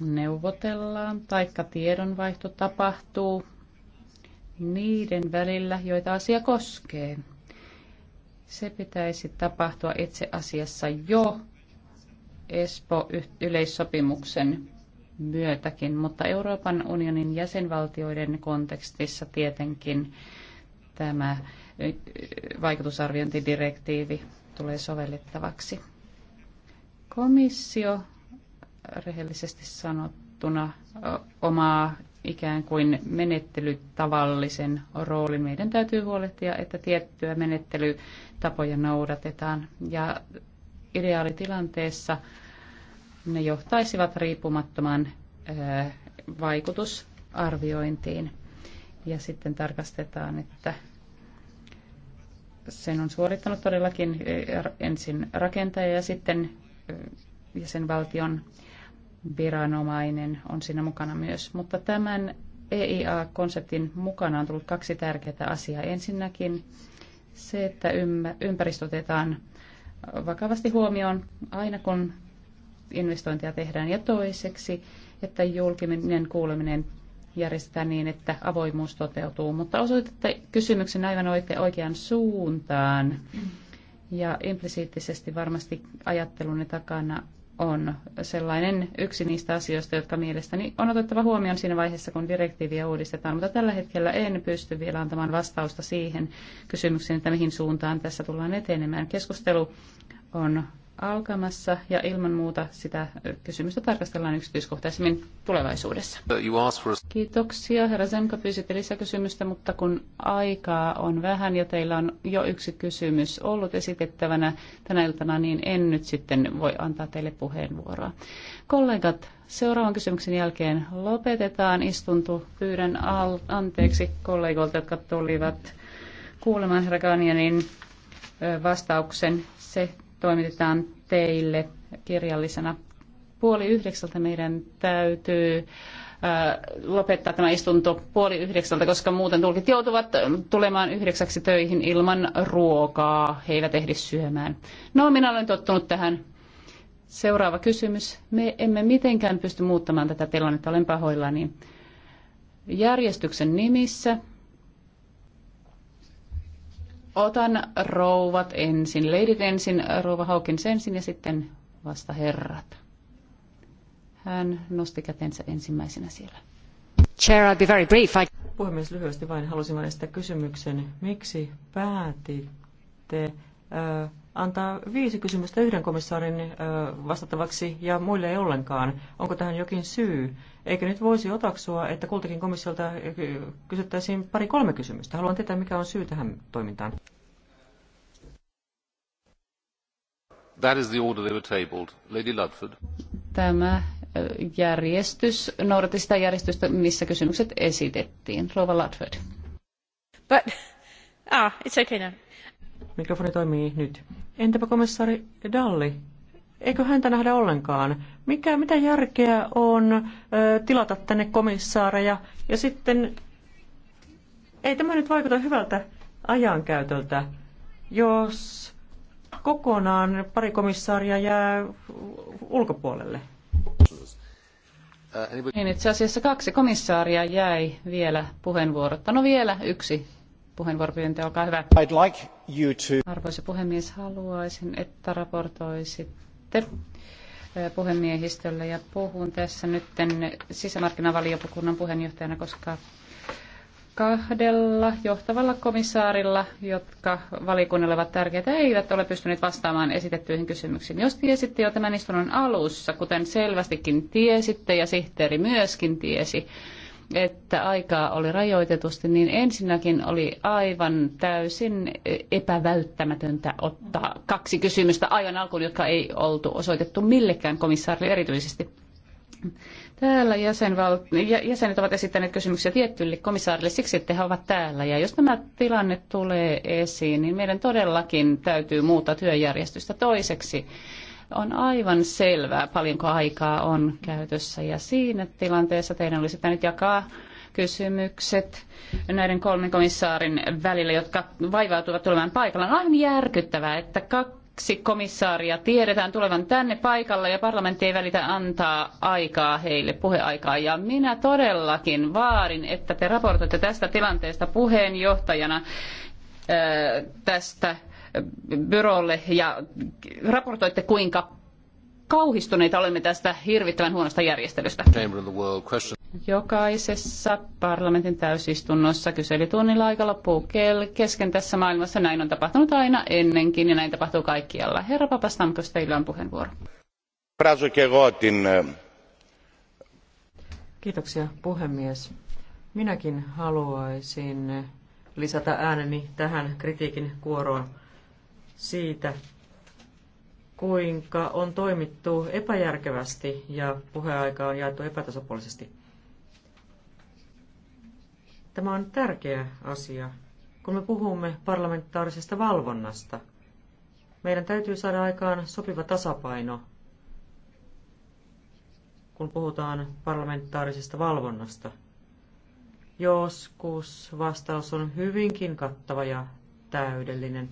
neuvotellaan tai tiedonvaihto tapahtuu niiden välillä, joita asia koskee. Se pitäisi tapahtua itse asiassa jo Espo-yleissopimuksen myötäkin, mutta Euroopan unionin jäsenvaltioiden kontekstissa tietenkin tämä vaikutusarviointidirektiivi tulee sovellettavaksi. Komissio rehellisesti sanottuna omaa ikään kuin menettelytavallisen roolin. Meidän täytyy huolehtia, että tiettyjä menettelytapoja noudatetaan ja ideaalitilanteessa ne johtaisivat riippumattoman vaikutusarviointiin. Ja sitten tarkastetaan, että sen on suorittanut todellakin e, ensin rakentaja ja sitten e, jäsenvaltion viranomainen on siinä mukana myös. Mutta tämän EIA-konseptin mukana on tullut kaksi tärkeää asiaa. Ensinnäkin se, että ympäristö otetaan vakavasti huomioon aina kun investointia tehdään. Ja toiseksi, että julkinen kuuleminen järjestää niin, että avoimuus toteutuu. Mutta osoitatte kysymyksen aivan oikeaan suuntaan. Ja implisiittisesti varmasti ajattelunne takana on sellainen yksi niistä asioista, jotka mielestäni on otettava huomioon siinä vaiheessa, kun direktiiviä uudistetaan, mutta tällä hetkellä en pysty vielä antamaan vastausta siihen kysymykseen, että mihin suuntaan tässä tullaan etenemään. Keskustelu on alkamassa ja ilman muuta sitä kysymystä tarkastellaan yksityiskohtaisemmin tulevaisuudessa. Uh, Kiitoksia. Herra Zemka pyysitte lisäkysymystä, mutta kun aikaa on vähän ja teillä on jo yksi kysymys ollut esitettävänä tänä iltana, niin en nyt sitten voi antaa teille puheenvuoroa. Kollegat, seuraavan kysymyksen jälkeen lopetetaan istunto. Pyydän al- anteeksi kollegoilta, jotka tulivat kuulemaan herra Kanjanin vastauksen. Se toimitetaan teille kirjallisena. Puoli yhdeksältä meidän täytyy lopettaa tämä istunto puoli yhdeksältä, koska muuten tulkit joutuvat tulemaan yhdeksäksi töihin ilman ruokaa. He eivät ehdi syömään. No, minä olen tottunut tähän. Seuraava kysymys. Me emme mitenkään pysty muuttamaan tätä tilannetta, olen pahoillani. Järjestyksen nimissä Otan rouvat ensin, leidit ensin, rouva Haukin ensin ja sitten vasta herrat. Hän nosti kätensä ensimmäisenä siellä. Chair, I'll be very brief. I... Puhemies, lyhyesti vain halusin vain esittää kysymyksen. Miksi päätitte äh, antaa viisi kysymystä yhden komissaarin vastattavaksi ja muille ei ollenkaan. Onko tähän jokin syy? Eikö nyt voisi otaksua, että kultakin komissiolta kysyttäisiin pari-kolme kysymystä? Haluan tietää, mikä on syy tähän toimintaan. That is the order they were tabled. Lady Ludford. Tämä järjestys, noudatti sitä järjestystä, missä kysymykset esitettiin. Rova Ludford. But, ah, it's okay now. Mikrofoni toimii nyt. Entäpä komissaari Dalli? Eikö häntä nähdä ollenkaan? Mikä, mitä järkeä on ö, tilata tänne komissaareja ja sitten ei tämä nyt vaikuta hyvältä ajankäytöltä, jos kokonaan pari komissaaria jää ulkopuolelle. Niin itse asiassa kaksi komissaaria jäi vielä puheenvuorotta. No vielä yksi puheenvuoropyyntö, olkaa hyvä. I'd like you to... Arvoisa puhemies, haluaisin, että raportoisitte puhemiehistölle ja puhun tässä nyt sisämarkkinavaliokunnan puheenjohtajana, koska kahdella johtavalla komissaarilla, jotka valiokunnalle ovat tärkeitä, eivät ole pystyneet vastaamaan esitettyihin kysymyksiin. Jos tiesitte jo tämän istunnon alussa, kuten selvästikin tiesitte ja sihteeri myöskin tiesi, että aikaa oli rajoitetusti, niin ensinnäkin oli aivan täysin epävälttämätöntä ottaa kaksi kysymystä ajan alkuun, jotka ei oltu osoitettu millekään komissaarille erityisesti. Täällä jäsenval- jäsenet ovat esittäneet kysymyksiä tietylle komissaarille siksi, että he ovat täällä. Ja jos tämä tilanne tulee esiin, niin meidän todellakin täytyy muuttaa työjärjestystä toiseksi on aivan selvää, paljonko aikaa on käytössä. Ja siinä tilanteessa teidän olisi pitänyt jakaa kysymykset näiden kolmen komissaarin välillä, jotka vaivautuvat tulemaan paikalla. On aivan järkyttävää, että kaksi komissaaria tiedetään tulevan tänne paikalle ja parlamentti ei välitä antaa aikaa heille puheaikaa. Ja minä todellakin vaadin, että te raportoitte tästä tilanteesta puheenjohtajana tästä byrolle ja raportoitte, kuinka kauhistuneita olemme tästä hirvittävän huonosta järjestelystä. Jokaisessa parlamentin täysistunnossa kyselytunnilla aika loppuu kesken tässä maailmassa. Näin on tapahtunut aina ennenkin ja näin tapahtuu kaikkialla. Herra Papastamkos, teillä on puheenvuoro. Eh, Kiitoksia puhemies. Minäkin haluaisin lisätä ääneni tähän kritiikin kuoroon siitä, kuinka on toimittu epäjärkevästi ja puheaika on jaettu epätasapuolisesti. Tämä on tärkeä asia, kun me puhumme parlamentaarisesta valvonnasta. Meidän täytyy saada aikaan sopiva tasapaino, kun puhutaan parlamentaarisesta valvonnasta. Joskus vastaus on hyvinkin kattava ja täydellinen.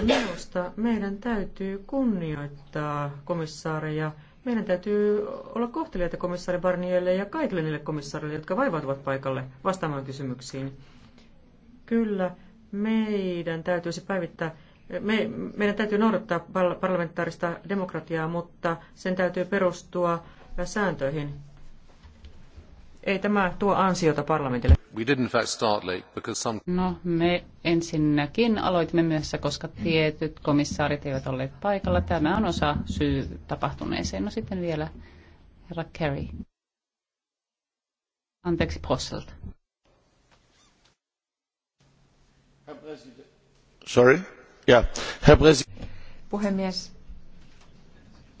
Minusta meidän täytyy kunnioittaa komissaareja. Meidän täytyy olla kohteliaita komissaari Barnierille ja kaikille niille komissaareille, jotka vaivautuvat paikalle vastaamaan kysymyksiin. Kyllä, meidän täytyisi päivittää me, meidän täytyy noudattaa parlamentaarista demokratiaa, mutta sen täytyy perustua sääntöihin. Ei tämä tuo ansiota parlamentille. No, me ensinnäkin aloitimme myöhässä, koska tietyt komissaarit eivät olleet paikalla. Tämä on osa syy tapahtuneeseen. No sitten vielä herra Kerry. Anteeksi, Posselt. Sorry? Yeah. Herr Puhemies,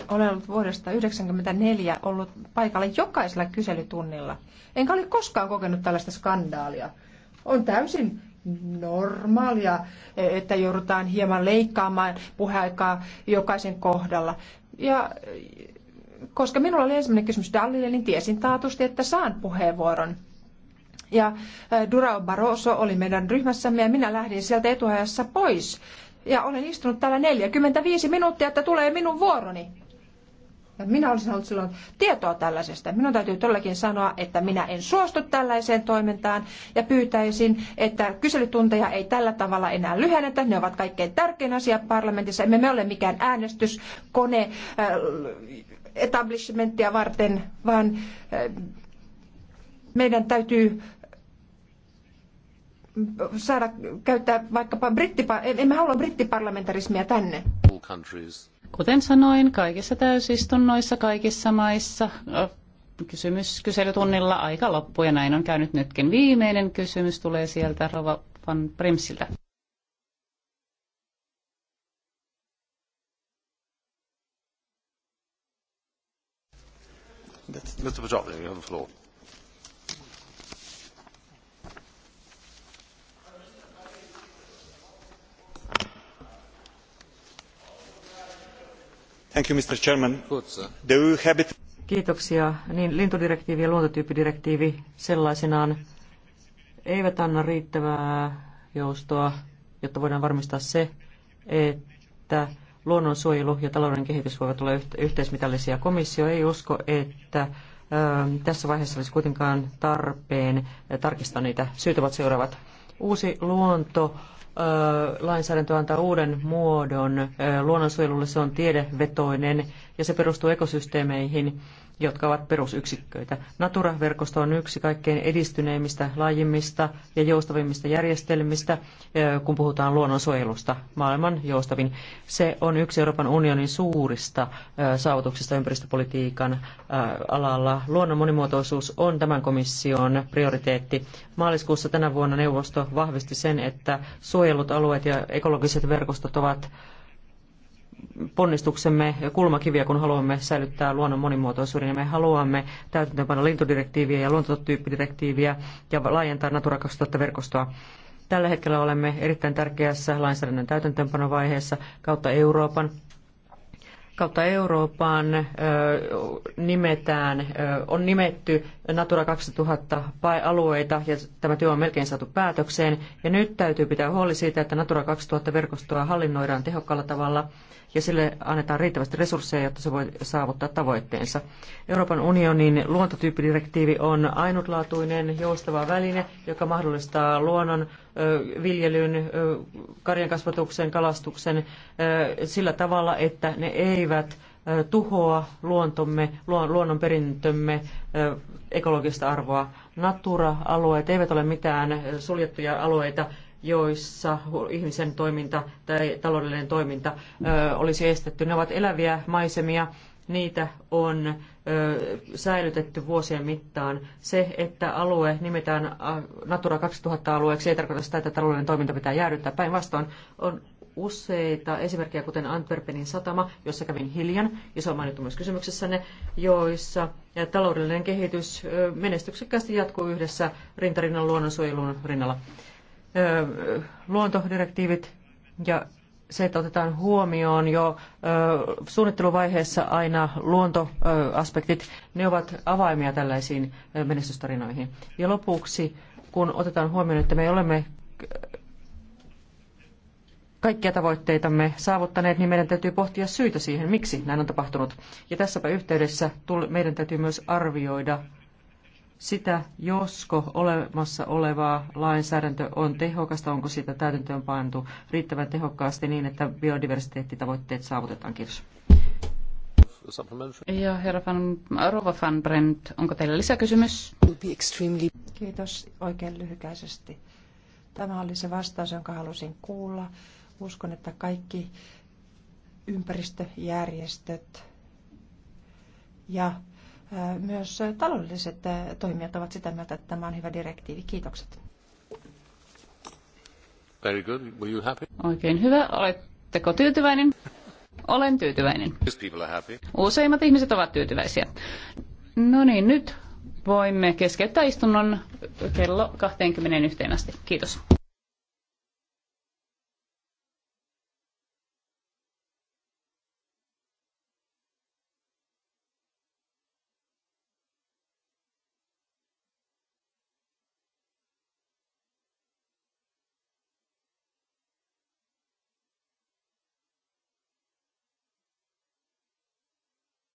olen ollut vuodesta 1994 ollut paikalla jokaisella kyselytunnilla. Enkä ole koskaan kokenut tällaista skandaalia. On täysin normaalia, että joudutaan hieman leikkaamaan puheaikaa jokaisen kohdalla. Ja koska minulla oli ensimmäinen kysymys Dallille, niin tiesin taatusti, että saan puheenvuoron. Ja äh, Durao Barroso oli meidän ryhmässämme ja minä lähdin sieltä etuajassa pois. Ja olen istunut täällä 45 minuuttia, että tulee minun vuoroni. Minä olisin ollut silloin tietoa tällaisesta. Minun täytyy todellakin sanoa, että minä en suostu tällaiseen toimintaan ja pyytäisin, että kyselytunteja ei tällä tavalla enää lyhennetä. Ne ovat kaikkein tärkein asia parlamentissa. Emme me ole mikään äänestyskone äh, etablishmenttia varten, vaan äh, meidän täytyy saada käyttää vaikkapa brittipa- emme halua brittiparlamentarismia tänne. Countries. Kuten sanoin, kaikissa täysistunnoissa, kaikissa maissa äh, kysymys kyselytunnilla aika loppuu ja näin on käynyt nytkin. Viimeinen kysymys tulee sieltä Rova van Primsiltä. Mr. Bajoli, you have the floor. Kiitoksia. Niin, lintudirektiivi ja luontotyyppidirektiivi sellaisinaan eivät anna riittävää joustoa, jotta voidaan varmistaa se, että luonnonsuojelu ja talouden kehitys voivat olla yhteismitallisia. Komissio ei usko, että ähm, tässä vaiheessa olisi kuitenkaan tarpeen äh, tarkistaa niitä. Syyt ovat seuraavat. Uusi luonto lainsäädäntö antaa uuden muodon. Luonnonsuojelulle se on tiedevetoinen ja se perustuu ekosysteemeihin jotka ovat perusyksikköitä. Natura-verkosto on yksi kaikkein edistyneimmistä, laajimmista ja joustavimmista järjestelmistä, kun puhutaan luonnonsuojelusta, maailman joustavin. Se on yksi Euroopan unionin suurista saavutuksista ympäristöpolitiikan alalla. Luonnon monimuotoisuus on tämän komission prioriteetti. Maaliskuussa tänä vuonna neuvosto vahvisti sen, että suojelut alueet ja ekologiset verkostot ovat ponnistuksemme kulmakiviä, kun haluamme säilyttää luonnon monimuotoisuuden ja me haluamme täytäntöönpanna lintudirektiiviä ja luontotyyppidirektiiviä ja laajentaa Natura 2000-verkostoa. Tällä hetkellä olemme erittäin tärkeässä lainsäädännön täytäntöönpanovaiheessa kautta Euroopan kautta Euroopan nimetään, on nimetty Natura 2000 alueita ja tämä työ on melkein saatu päätökseen. Ja nyt täytyy pitää huoli siitä, että Natura 2000-verkostoa hallinnoidaan tehokkaalla tavalla ja sille annetaan riittävästi resursseja, jotta se voi saavuttaa tavoitteensa. Euroopan unionin luontotyyppidirektiivi on ainutlaatuinen joustava väline, joka mahdollistaa luonnon viljelyn, karjankasvatuksen, kalastuksen sillä tavalla, että ne eivät tuhoa luontomme, luonnon perintömme ekologista arvoa. Natura-alueet eivät ole mitään suljettuja alueita, joissa ihmisen toiminta tai taloudellinen toiminta olisi estetty. Ne ovat eläviä maisemia, Niitä on säilytetty vuosien mittaan. Se, että alue nimetään Natura 2000-alueeksi, ei tarkoita sitä, että taloudellinen toiminta pitää jäädyttää. Päinvastoin on useita esimerkkejä, kuten Antwerpenin satama, jossa kävin hiljan, ja se on mainittu myös kysymyksessänne, joissa taloudellinen kehitys menestyksekkäästi jatkuu yhdessä rintarinnan luonnonsuojelun rinnalla. Luontodirektiivit ja se, että otetaan huomioon jo suunnitteluvaiheessa aina luontoaspektit, ne ovat avaimia tällaisiin menestystarinoihin. Ja lopuksi, kun otetaan huomioon, että me olemme kaikkia tavoitteitamme saavuttaneet, niin meidän täytyy pohtia syitä siihen, miksi näin on tapahtunut. Ja tässäpä yhteydessä meidän täytyy myös arvioida sitä, josko olemassa olevaa lainsäädäntö on tehokasta, onko sitä täytäntöön pantu riittävän tehokkaasti niin, että biodiversiteettitavoitteet saavutetaan. Kiitos. Ja herra van, Rova van Brent, onko teillä lisäkysymys? Kiitos oikein lyhykäisesti. Tämä oli se vastaus, jonka halusin kuulla. Uskon, että kaikki ympäristöjärjestöt ja myös taloudelliset toimijat ovat sitä mieltä, että tämä on hyvä direktiivi. Kiitokset. Very good. Were you happy? Oikein hyvä. Oletteko tyytyväinen? Olen tyytyväinen. Useimmat ihmiset ovat tyytyväisiä. No niin, nyt voimme keskeyttää istunnon kello 21 asti. Kiitos.